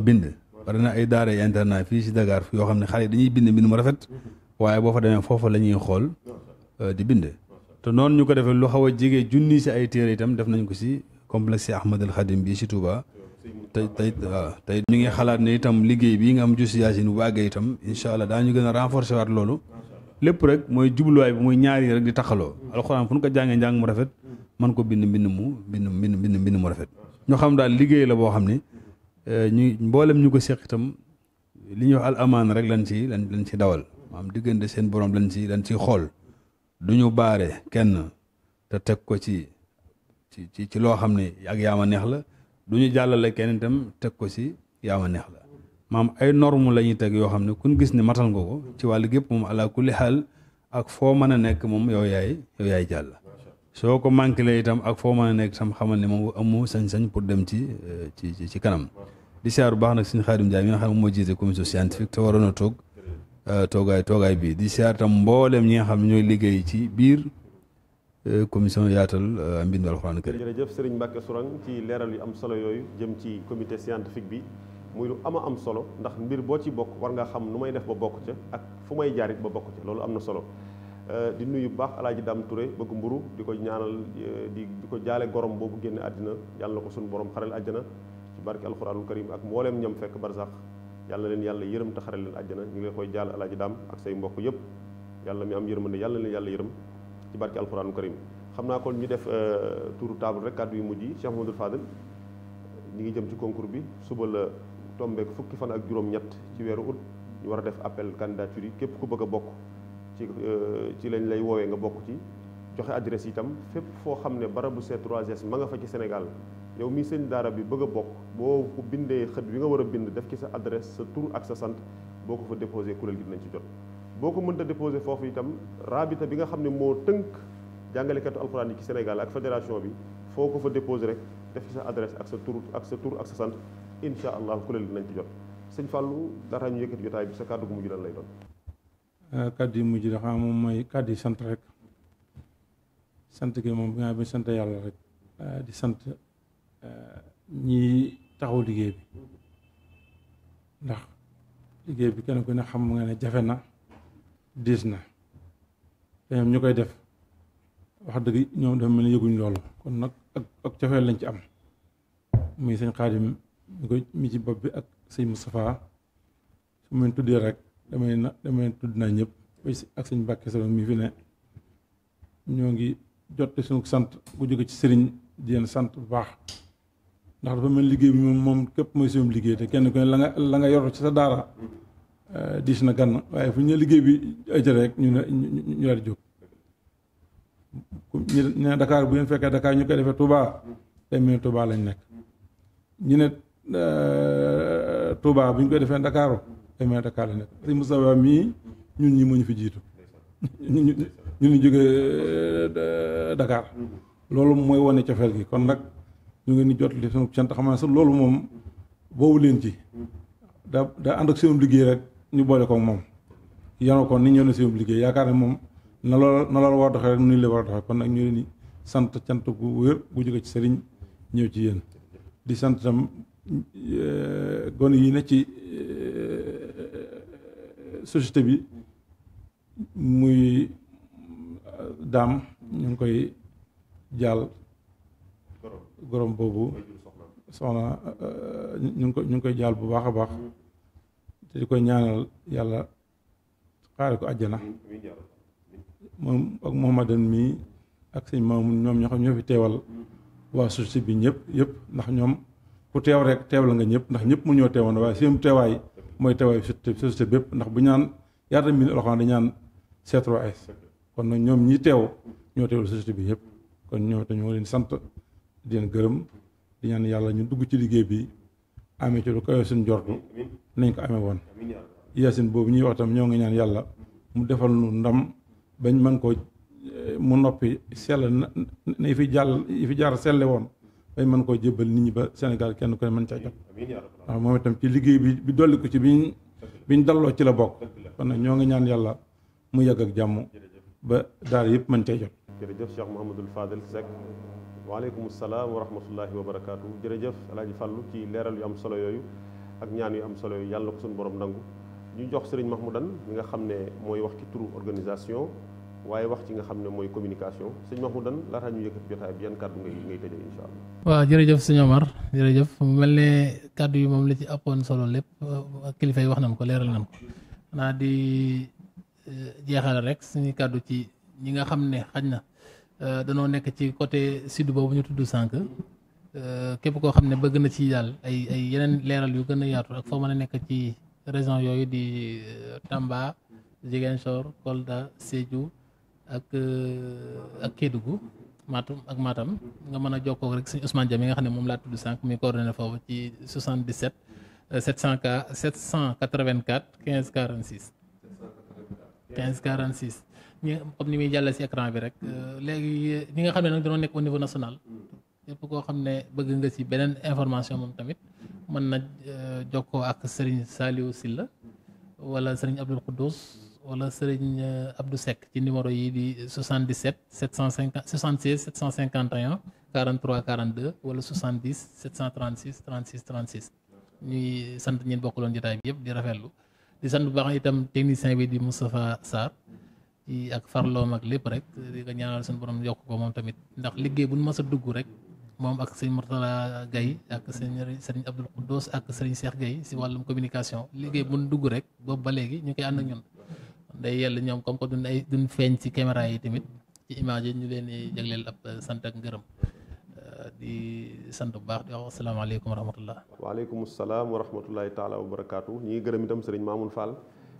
bind bari na ay daara yu internat fii si Dakar yoo xam ne xale yi dañuy bind mbind mu rafet mm-hmm. waaye boo fa demee foofu la ñuy xool euh, di bind te noonu ñu ko defee lu xaw a jege junni si ay téere itam def nañ ko si complexe Ahmadul Xadim bi si Touba. tey tey waaw tey ñu ngi xalaat ne itam liggéey bii nga am jus yaasin bu àggee itam incha allah ñu gën a renforcer waat loolu. lépp rek mooy jubluwaay bi mooy ñaar yi rek di taxaloo. alxuraan fu ñu ko jàngee njàng mu rafet. man ko bind mbind mu bind mbind mbind mbind mu rafet. ñu xam daal liggéey la boo xam ne eh, ñu mboolem ñu ko seq itam li ñuy wax al amaan rek lan ci lan lan ci dawal maanaam diggante seen borom lan ci lan ci xool. du ñu baare kenn te teg ko ci ci ci loo xam ne ak yaama neex la du ñu jàllale kenn itam teg ko ci yaama neex la maam ay norme la ñuy teg yoo xam ne kun gis ne matal nga ko ci wàll gépp moom ala kulli xaal ak foo mën a nekk moom yow yaay yaay jàll soo ko manqué la itam ak foo mën nekk sam xamal ne moom amu sañ-sañ pour dem ci ci ci kanam di siyaar bu baax nag suñu Xaadim Njaay mi nga xam ne moo jiite commission scientifique te waroon a toog Euh, toogaay toogaay bii di siyaar tam mbooleem ñi nga xam ñooy liggéey ci biir euh, commission yaatal euh, mbindum alxuraan karim
jërëjëf sëriñ Mbacke Sourang ci leeral yi am solo yooyu jëm ci comité scientifique bi muy lu ama am solo ndax mbir boo ci bokk war nga xam nu may def ba bokk ca ak fu may jaarit ba bokk ca loolu am na solo di nuyu baax alaaji Dame ture bëgg mburu di ko ñaanal di di ko jaale gorom boobu génne àddina yàlla na ko suñu borom xaral àjjana ci barke alxuraanul karim ak mbooleem ñam fekk barsax yàlla leen yàlla yërëm te xare leen àjjana ñu ngi leen koy jaal alaaji daam ak say mbokk yëpp yàlla mi am yërmande yàlla leen yàlla yërëm ci barki alxuraanu karim xam naa kon ñu def euh, tour table rek kàddu yu mujj yi Cheikh Mamadou Fadel ñu ngi jëm ci concours bi suba la tombeek fukki fan ak juróom-ñett ci weeru août ñu war a def appel candidature yi képp ku bëgg a bokk ci euh, ci lañ lay woowee nga bokk ci joxe adresse itam fépp foo xam ne barabu C3S ma nga fa ci Sénégal yow mi seen daara bi bëgg a bokk boo ko bindee xët bi nga war a bind def ci sa adresse sa tur ak sa sant boo ko fa déposé kuréel gi dinañ ci jot boo ko mënta déposé foofu itam raabita bi nga xam ne moo tënk jàngalekatu alxuraan yi ci Sénégal ak fédération bi foo ko fa déposé rek def ci sa adresse ak sa tur ak sa tur ak sa sant incha allah kuréel gi dinañ ci jot sëñ Fallou dara ñu yëkkati jotaay bi sa kàddu gu mujj lan lay doon.
Euh, kàddu yu mujj moom mooy kàddu yi sant rek sant gi euh, di sant. ñii taxaw liggéey bi ndax liggéey bi kenn ku ne xam nga ne jafe na diis na te ñoom ñu koy def wax dëgg ñoom dafa mel ni yëguñ loolu kon nag ak ak cofeel lañ ci am muy sëñ Xaadim ñu ko mi ci bopp bi ak sëñ Moustapha su ma leen tuddee rek damay na damay tudd naa ñëpp ak sëñ Mbàkke Saloum mi fi ne ñoo ngi jotte suñu sant bu jóge ci sëriñ di leen sant bu baax ndax dafa mel liggéey bi moom moom képp mooy si seen liggéey te kenn ku la nga la nga yor ci sa daara euh, diis na gann waaye fu ñu ne liggéey bi ëjë rek ñu ne ñu war a jóg ñu ne Dakar bu fekkee Dakar ñu koy defee Touba tey mel Touba lañ nekk ñu ne euh, Touba bu ñu koy defee Dakar tey mel Dakar lañ nekk si Moustapha mii ñun ñi moo ñu fi jiitu ñu ñu jógee euh, Dakar loolu mooy wone cofeel gi kon nag ñu ngeen di jotali sama cant xam naa loolu moom boobu leen ci da da ànd ak seen liggéey rek ñu boole ko moom yanoo ko ni ñëw na seen liggéey yaakaar ne moom na lool na lool war a doxee rek nii la war a kon nag ñu ne nii sant cant gu wér gu jóge ci sëriñ ñëw ci yéen di sant tam eh, gone yi ne ci eh, société bi muy eh, daam ñu ngi koy jàll gorom boobu soxna euh, ñu ngi ko ñu ngi koy jaal bu baax a baax te di koy ñaanal yàlla xaare ko àjjana moom ak Mouhamadan mii ak sëñ Maamun ñoom ñoo xam fi teewal waa suuf bi ñëpp yëpp ndax ñoom ku teew rek teewal nga ñëpp ndax ñëpp mu ñoo teewoon waaye seen teewaay mooy teewaay société bépp ndax bu ñaan yaata mbind alxuraan di ñaan c 3 kon nag ñoom ñi teew ñoo teewal société bi yëpp kon ñoo te ñoo leen sant di leen gërëm di ñaan yàlla ñu dugg ci liggéey bi amee ci lu kawe suñ jortu nañ ko amee woon yaasin boobu ñuy wax tam ñoo ngi ñaan yàlla mu defal nu ndam bañ mën ko eh, mu noppi sell na fi jàll yi fi jaar selle woon bañ mën koo jébbal nit ñi ba Sénégal kenn ko ne mën caa jot waaw moom itam ci liggéey bi bi ko ci biñ biñ dalloo ci la bokk kon ñoo ngi ñaan yàlla mu yàgg ak jàmm ba daara yëpp mën cee jot
jërëjëf Cheikh Mouhamadul Fadel Seck waaleykum salaam wa rahmatullahi wa barakaatu jërëjëf alaaji fàllu ci leeral yu am solo yooyu ak ñaan yu am solo yooyu yàlla ko borom nangu ñu jox sëriñ Mahmoudan mi nga xam ne mooy wax ci turu waaye wax ci nga xam ne mooy communication sëñ Mahmoudan laataa ñu yëkkati jotaay bi yan kàddu ngay ngay tëjee incha allah.
waaw jërëjëf sëñ Omar jërëjëf mu mel ne kàddu yi moom la ci appoon solo lépp ak euh, kilifa yi wax nañ ko leeral nañ ko xanaa di euh, jeexal rek suñu kàddu ci ñi nga xam ne xaj na. Euh, danoo nekk ci côté sud boobu ñu tudd sànq euh, képp koo xam ne bëgg na ci daal ay ay yeneen leeral yu gën a yaatu ak foo mën a nekk ci région yooyu di euh, Tamba Ziguinchor Kolda Sédhiou ak ak Kédougou Matam ak Matam nga mën a jokkoo rek suñu Ousmane Dia mi nga xam ne moom laa tudd sànq mi coordonné foofu ci 77 700 784 15 46
15 46
ñi comme ni muy jàllee si écran bi rek euh, léegi ñi nga xam ne nag dañoo nekk au niveau national yëpp koo xam ne bëgg nga si beneen information moom tamit mën na euh, jokkoo ak Serigne Saliou Silla wala Serigne Abdoul Koudous wala Serigne euh, Abdou sekk ci numéro yi di 77 750 76 751 43 42 wala 70 736 36 36 ñuy sant ñin bokkaloon jotaay bi yëpp di rafetlu di sant bu baax itam technicien bi di Moustapha Sarr ci ak farloom ak lépp rek di ko ñaanal suñu borom yokk ko moom tamit ndax liggéey bu ñu mës a dugg rek moom ak sëñ Mourtala Gaye ak sëñ sëriñ Abdul Quddous ak sëriñ Cheikh Gaye si wàllum communication liggéey bu ñu dugg rek boobu ba léegi ñu koy ànd ak ñun day yell ñoom comme que duñ feeñ ci caméra yi tamit ci image yi ñu leen di jagleel ab sant ak ngërëm euh, di sant bu baax di wax asalaamaaleykum wa rahmatullah
waaleykum salaam wa rahmatullahi taala wa barakaatu ñi ngi gërëm itam sëriñ Mamoun Fall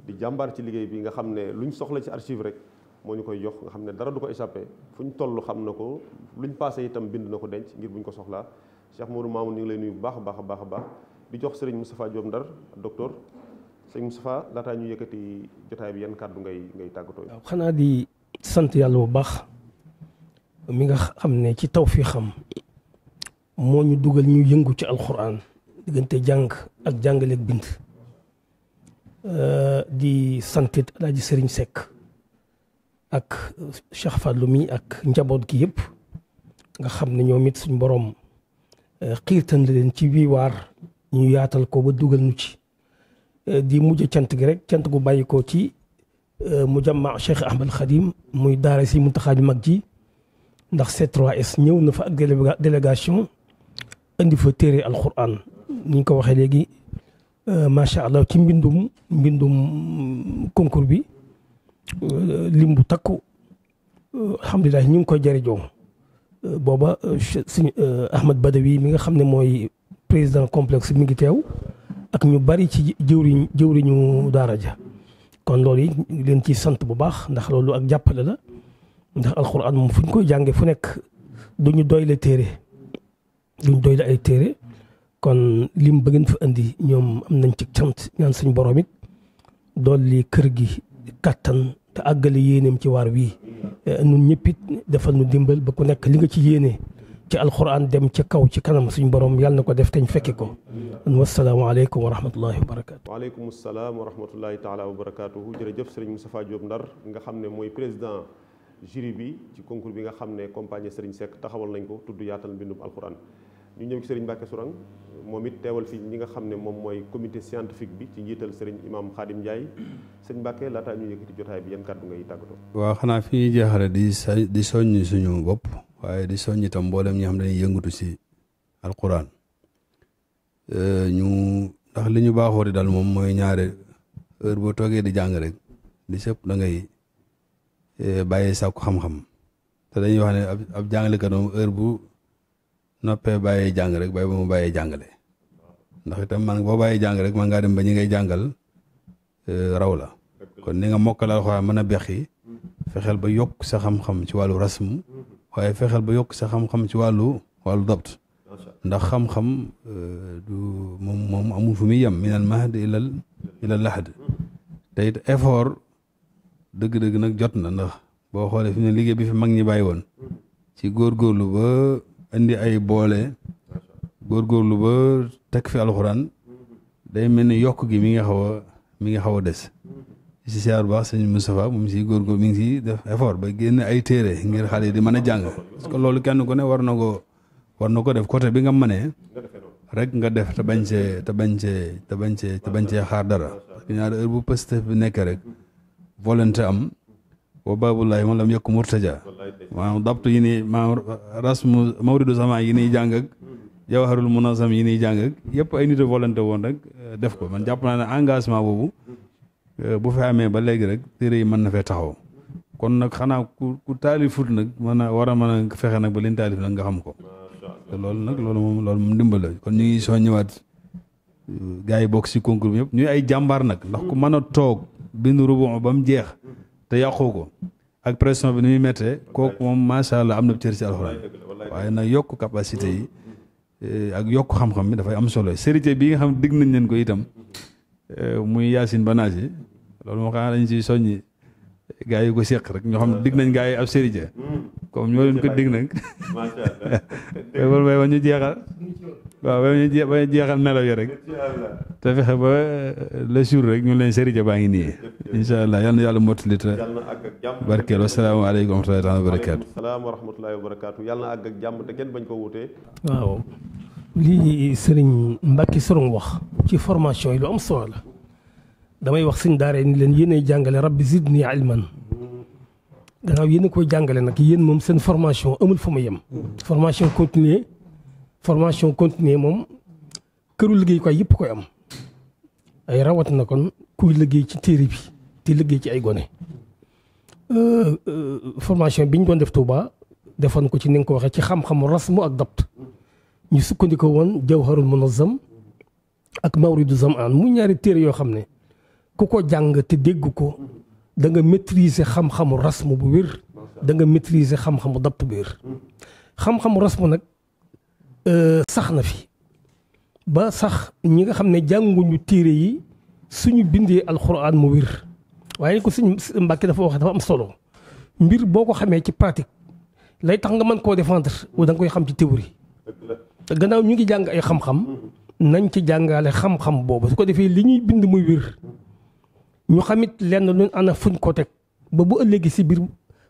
di jàmbaar ci liggéey bi nga xam ne luñ soxla ci archive rek moo ñu koy jox nga xam ne dara du ko échappé fu ñu toll xam na ko lu ñu passé itam bind na ko denc ngir buñ ko soxlaa Cheikh Modou Mamoun ñu ngi lay nuyu bu baax a baax a baax a baax di jox sëriñ Moustapha Diop Ndar docteur sëriñ Moustapha laataa ñu yëkkati jotaay bi yan kàddu ngay ngay tàggatoo. waaw
xanaa di sant yàlla bu baax mi nga xam ne ci taw fii xam moo ñu dugal ñu yëngu ci alxuraan diggante jàng ak jàngaleeg bind. Euh, di santit El Hadj Serigne ak Cheikh Fallou mi ak njaboot gi yëpp nga xam ne ñoom it suñ borom euh, xiirtan la leen ci wii waar ñu yaatal ko ba dugal nu ci euh, di mujj cant gi rek cant gu bàyyi ko ci mujamma Cheikh Ahmad Khadim muy daara si muntaxaaju mag ji ndax C3S ñëw na fa ak délégation indi fa téere alquran ni ñu ko waxee léegi. Euh, macha allah ci mbindum mbindum concours bi euh, lim bu takku euh, alhamdulilah ñu ngi koy jëriñoo booba suñu Ahmad Badawi mi nga xam ne mooy président complexe mi ngi teew ak ñu bari ci jëwriñ jëwriñu daara ja kon loolu yi leen ciy sant bu baax ndax loolu ak jàppale la ndax alxuraan moom fu ñu koy jàngee fu nekk du ñu doyle téere duñu doy la ay téere kon lim ba ngeen fa indi ñoom am nañ ci cant ñaan suñu borom it dolli kër gi kattan te àggale yéeneem ci waar wii eh, nun ñëpp it defal nu dimbal ba ku nekk li nga ci yéene ci alxuraan dem ci kaw ci kanam suñu borom yàlla na ko def teñ fekki ko wasalaamaaleykum wa rahmatullahi wa barakaatu
waaleykum salaam wa rahmatullahi taala wa barakaatuhu jërëjëf sëriñ Moustapha Diop Ndar nga xam ne mooy président jury bi ci concours bi nga xam ne compagnie Serigne Seck taxawal nañ ko tudd yaatal mbindum alxuraan ñu ñëw ci sëriñ Mbacke Sourang moom it teewal fi ñi nga xam ne moom mooy comité scientifique bi ci njiital sëriñ imam Khadim Ndiaye sëriñ Mbacke laataa ñu yëkkati jotaay bi yan kàddu ngay tàggatoo.
waaw xanaa fi ñuy jeexale di di soññ suñu bopp waaye di soññ tam mboolem ñi xam ne dañuy yëngatu si alquran euh, ñu ndax li ñu baaxoo di dal moom mooy ñaare heure boo toogee di jàng rek li sëpp dangay euh, bàyyi sàkku xam-xam te dañuy wax ne ab jàngalekat moom heure bu. noppee bàyyee jàng rek bàyyi ba mu bàyyee jàngale ndax itam man boo bàyyee jàng rek man ngaa dem ba ñu ngay jàngal euh, raw la kon ni nga mokkal alxuraan mën a bexi fexeel ba yokk sa xam-xam ci wàllu rasmu waaye fexeel ba yokk sa xam-xam ci wàllu wàllu dabt ndax xam-xam euh, du moom moom amul fu muy yem min al mahd ilal ilal lahd te it dëgg-dëgg nag jot na ndax boo xoolee fi ne liggéey bi fi mag ñi bàyyi woon ci góorgóorlu ba indi ay boole góorlu ba teg fi alxuraan day mel ni yokk gi mi ngi xaw a mi ngi xaw a des si siyaar bu baax sëñ Moustapha moom si góorgóor mi ngi si def effort ba génn ay téere ngir xale di mën a jàng parce que loolu kenn ku ne war na ko war na ko def côté bi nga manee rek nga def te bañ see te bañ see bañ see bañ see xaar dara parce que ñaari heure bu Pastef bi nekk rek volonté am wa baabulaahi man lam yakku murtaja maanaam dabtu yi nii maanaam rasmu mawridu zaman yi nii jàng ak jawharul munazam yi nii jàng ak yëpp ay nit a volonté woon rek euh, def ko man jàpp naa ne engagement boobu euh, bu fi amee ba léegi rek téere yi mën na fee taxaw kon nag xanaa ku ku taalifut nag mën a war a mën a fexe nag ba leen taalif nag nga xam ko loolu nag loolu moom loolu moom ndimbal kon ñu ngi soññiwaat euh, gaa yi bokk si concours bi yëpp ñuy ay jàmbaar nag ndax ku mën a toog bind rubu ba mu jeex te yàqoo ko ak pression bi ni muy méttee kooku moom macha allah am na cër ci alxuraan waaye nag yokk capacité yi eh, ak yokk xam-xam bi dafay am solo sérité bi nga xam digg nañ leen ko itam eh, muy yaasin banaas yi loolu moo xam dañ si soññi gaa yi ko seq rek ñoo xam ne digg nañ gaa yi ab sérité hmm. comme ñoo leen ko digg nag. macha allah ñu jeexal. waaw ba ñu jeexal nelaw yi rek te fexe ba euh, le jour rek ñu leen sëriñ baa ngi nii incha allah yal na yàlla mottali te barkeel wasalaamaaleykum wa rahmatulah wa barakaatu.
wa rahmatulah wa barakaatu yal na àgg ak jàmm te ngeen bañ ko wutee.
waaw lii sëriñ Mbacke Sorong wax ci formation yi lu am solo damay wax suñ daara ni leen yéenay jàngale rabbi zidni ilman gannaaw yéen a koy jàngale nag yéen moom seen formation amul fu mu yem. formation continuer formation continue moom këru liggéeyukaay yëpp koy am ay rawat na kon kuy liggéey ci téere bi te liggéey ci ay gone euh, euh, formation bi ñu doon def Touba defoon ko ci ni nga ko waxee ci xam-xamu rasmu ak dabt ñu sukkandiku woon jawharul munazzam ak mawridu zamaan mu ñaari téere yoo xam ne ku ko jàng te dégg ko da nga maîtriser xam-xamu rasmu bu wér da nga maîtriser xam-xamu dabt bu wér xam-xamu rasmu nag Euh, sax na fi ba sax ñi nga xam ne jànguñu téere yi suñu bindee alxuraan mu wér waaye ko suñu mbàkki dafa wax dafa am solo mbir boo ko xamee ci pratique lay tax nga mën koo défendre da nga koy xam ci théorie te gannaaw ñu ngi jàng ay xam-xam nañ ci jàngaale xam-xam boobu su ko defee li ñuy bind muy wér ñu xamit lenn luñ ana fuñ ko teg ba bu ëllëgee si mbir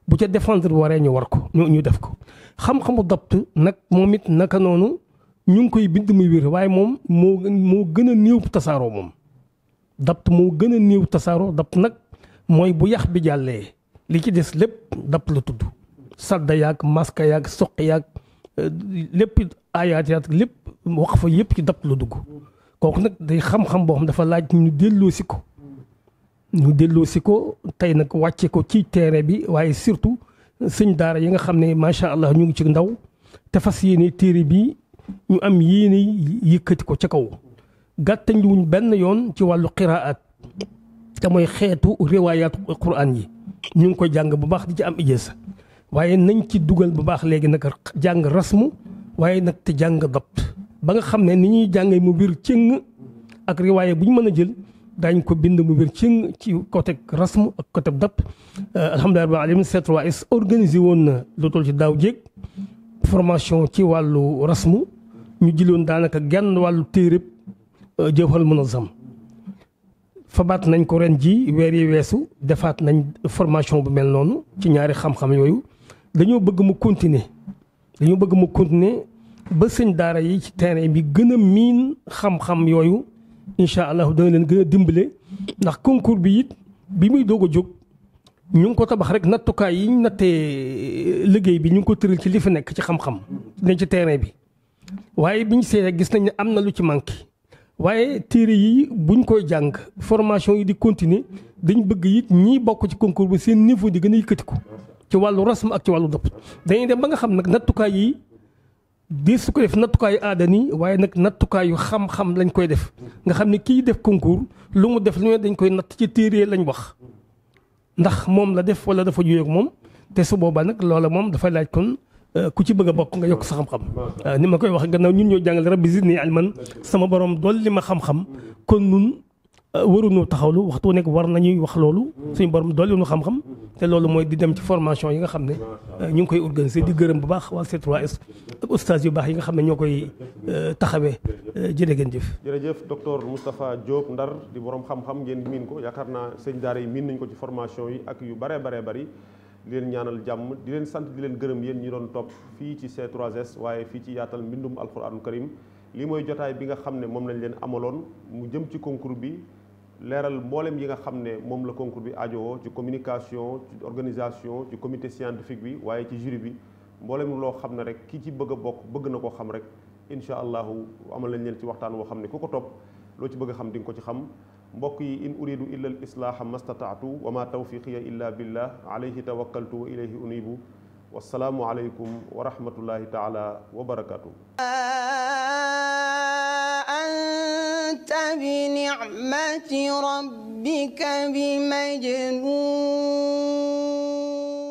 bu ca défendre waree ñu war ko ñu ñu def ko xam-xamu dabt nag moom it naka noonu ñu ngi koy bind muy wér waaye moom moo moo gën a néew tasaaroo moom dabt moo gën a néew tasaaroo dabt nag mooy bu yax bi jàllee li ci des lépp dabt la tudd sadda yaag maska yaag soq yaag euh, lépp aayaat yaag lépp wax fa yëpp ci dabt la dugg kooku nag day xam-xam boo xam dafa laaj ñu delloo si ko ñu delloosi ko tey nag wàcce ko ci terrain bi waaye surtout sëñ daara yi nga xam ne macha allah ñu ngi ci ndaw te fas yéene téere bi ñu am yéene yëkkati ko ca kaw gàttañ wuñ benn yoon ci wàllu qiraat te mooy xeetu riwaayaatu quraan yi ñu ngi koy jàng bu baax di ci am ijeesa waaye nañ ci dugal bu baax léegi nag jàng rasmu waaye nag te jàng dabt ba nga xam ne ni ñuy jàngee mu biir cëng ak riwaaya bu ñu mën a jël daañ ko bind mu wér ci ci côté rasm ak côté dapp euh, alhamdulilah rabbil alamin C3S organisé woon na lu ci daaw jéeg formation ci wàllu rasmu ñu jëloon daanaka genn wàllu téereb euh, Jawharatul Munazzam fabaat nañ ko ren ji weer weesu defaat nañ formation bu mel noonu ci ñaari xam-xam yooyu dañoo bëgg mu continuer dañu bëgg mu continuer ba sëñ daara yi ci terrain bi gën a miin xam-xam yooyu incha allah dana leen gën a dimbale ndax concours bi it bi muy doog a jóg ñu ngi ko tabax rek nattukaay yi ñu nattee euh, liggéey bi ñu ngi ko tëral ci li fi nekk ci xam-xam ne ci terrain bi waaye biñ seetee gis nañ ne am na lu ci manqué waaye téere yi buñ koy jàng formation yi di continuer dañ bëgg yit ñii bokk ci konkuur bi seen niveau di gën a yëkkatiku ci wàllu rasm ak ci wàllu dëpp dañuy dem ba nga xam nag nattukaay yi di su ko def nattukaayu aada nii waaye nag nattukaayu xam-xam lañ koy def nga xam ne kii def concours lu mu def lu ne dañ koy natt ci téere lañ wax ndax moom la def wala dafa juyee ak moom te su boobaa nag loola moom dafay laaj kon euh, ku ci bëgg a bokk nga yokk sa xam-xam euh, ni ma koy wax gannaaw ñun ñoo jàngale rabbi zidni ilman sama borom dolli ma xam-xam kon nun waruñu taxawlu waxtu nekk war nañuy wax loolu suñu borom dolli ñu xam-xam te loolu mooy di dem ci formation yi nga xam ne ñu ngi koy organiser di gërëm bu baax waa C3S ak ustaas yu baax yi nga xam ne ñoo koy euh, taxawee euh, jërë ngeen jëf.
jërëjëf docteur mustafa Diop Ndar di borom xam-xam ngeen miin ko yaakaar naa sëñ daara yi miin nañ ko ci formation yi ak yu baree baree bari. di leen ñaanal jàmm di leen sant di leen gërëm yéen ñi doon topp fii ci c waaye fii ci yaatal mbindum alxuraanul karim lii mooy jotaay bi nga xam ne moom lañ leen amaloon mu jëm ci concours bi leeral mboolem yi nga xam ne moom la concours bi ajowoo ci communication ci organisation ci comité scientifique bi waaye ci jury bi mboolem loo xam ne rek ki ci bëgg a bokk bëgg na ko xam rek incha allahu ma lañ leen ci waxtaan woo xam ne ku ko topp loo ci bëgg xam di nga ko ci xam mbokk yi in uridu illa al islaaha mastataatu wa ma tawfiqiya illa billah alayhi tawakkaltu wa ilayhi unibu wassalaamu aleykum wa rahmatullahi taala wa barakatuh
لست بنعمة ربك بمجنون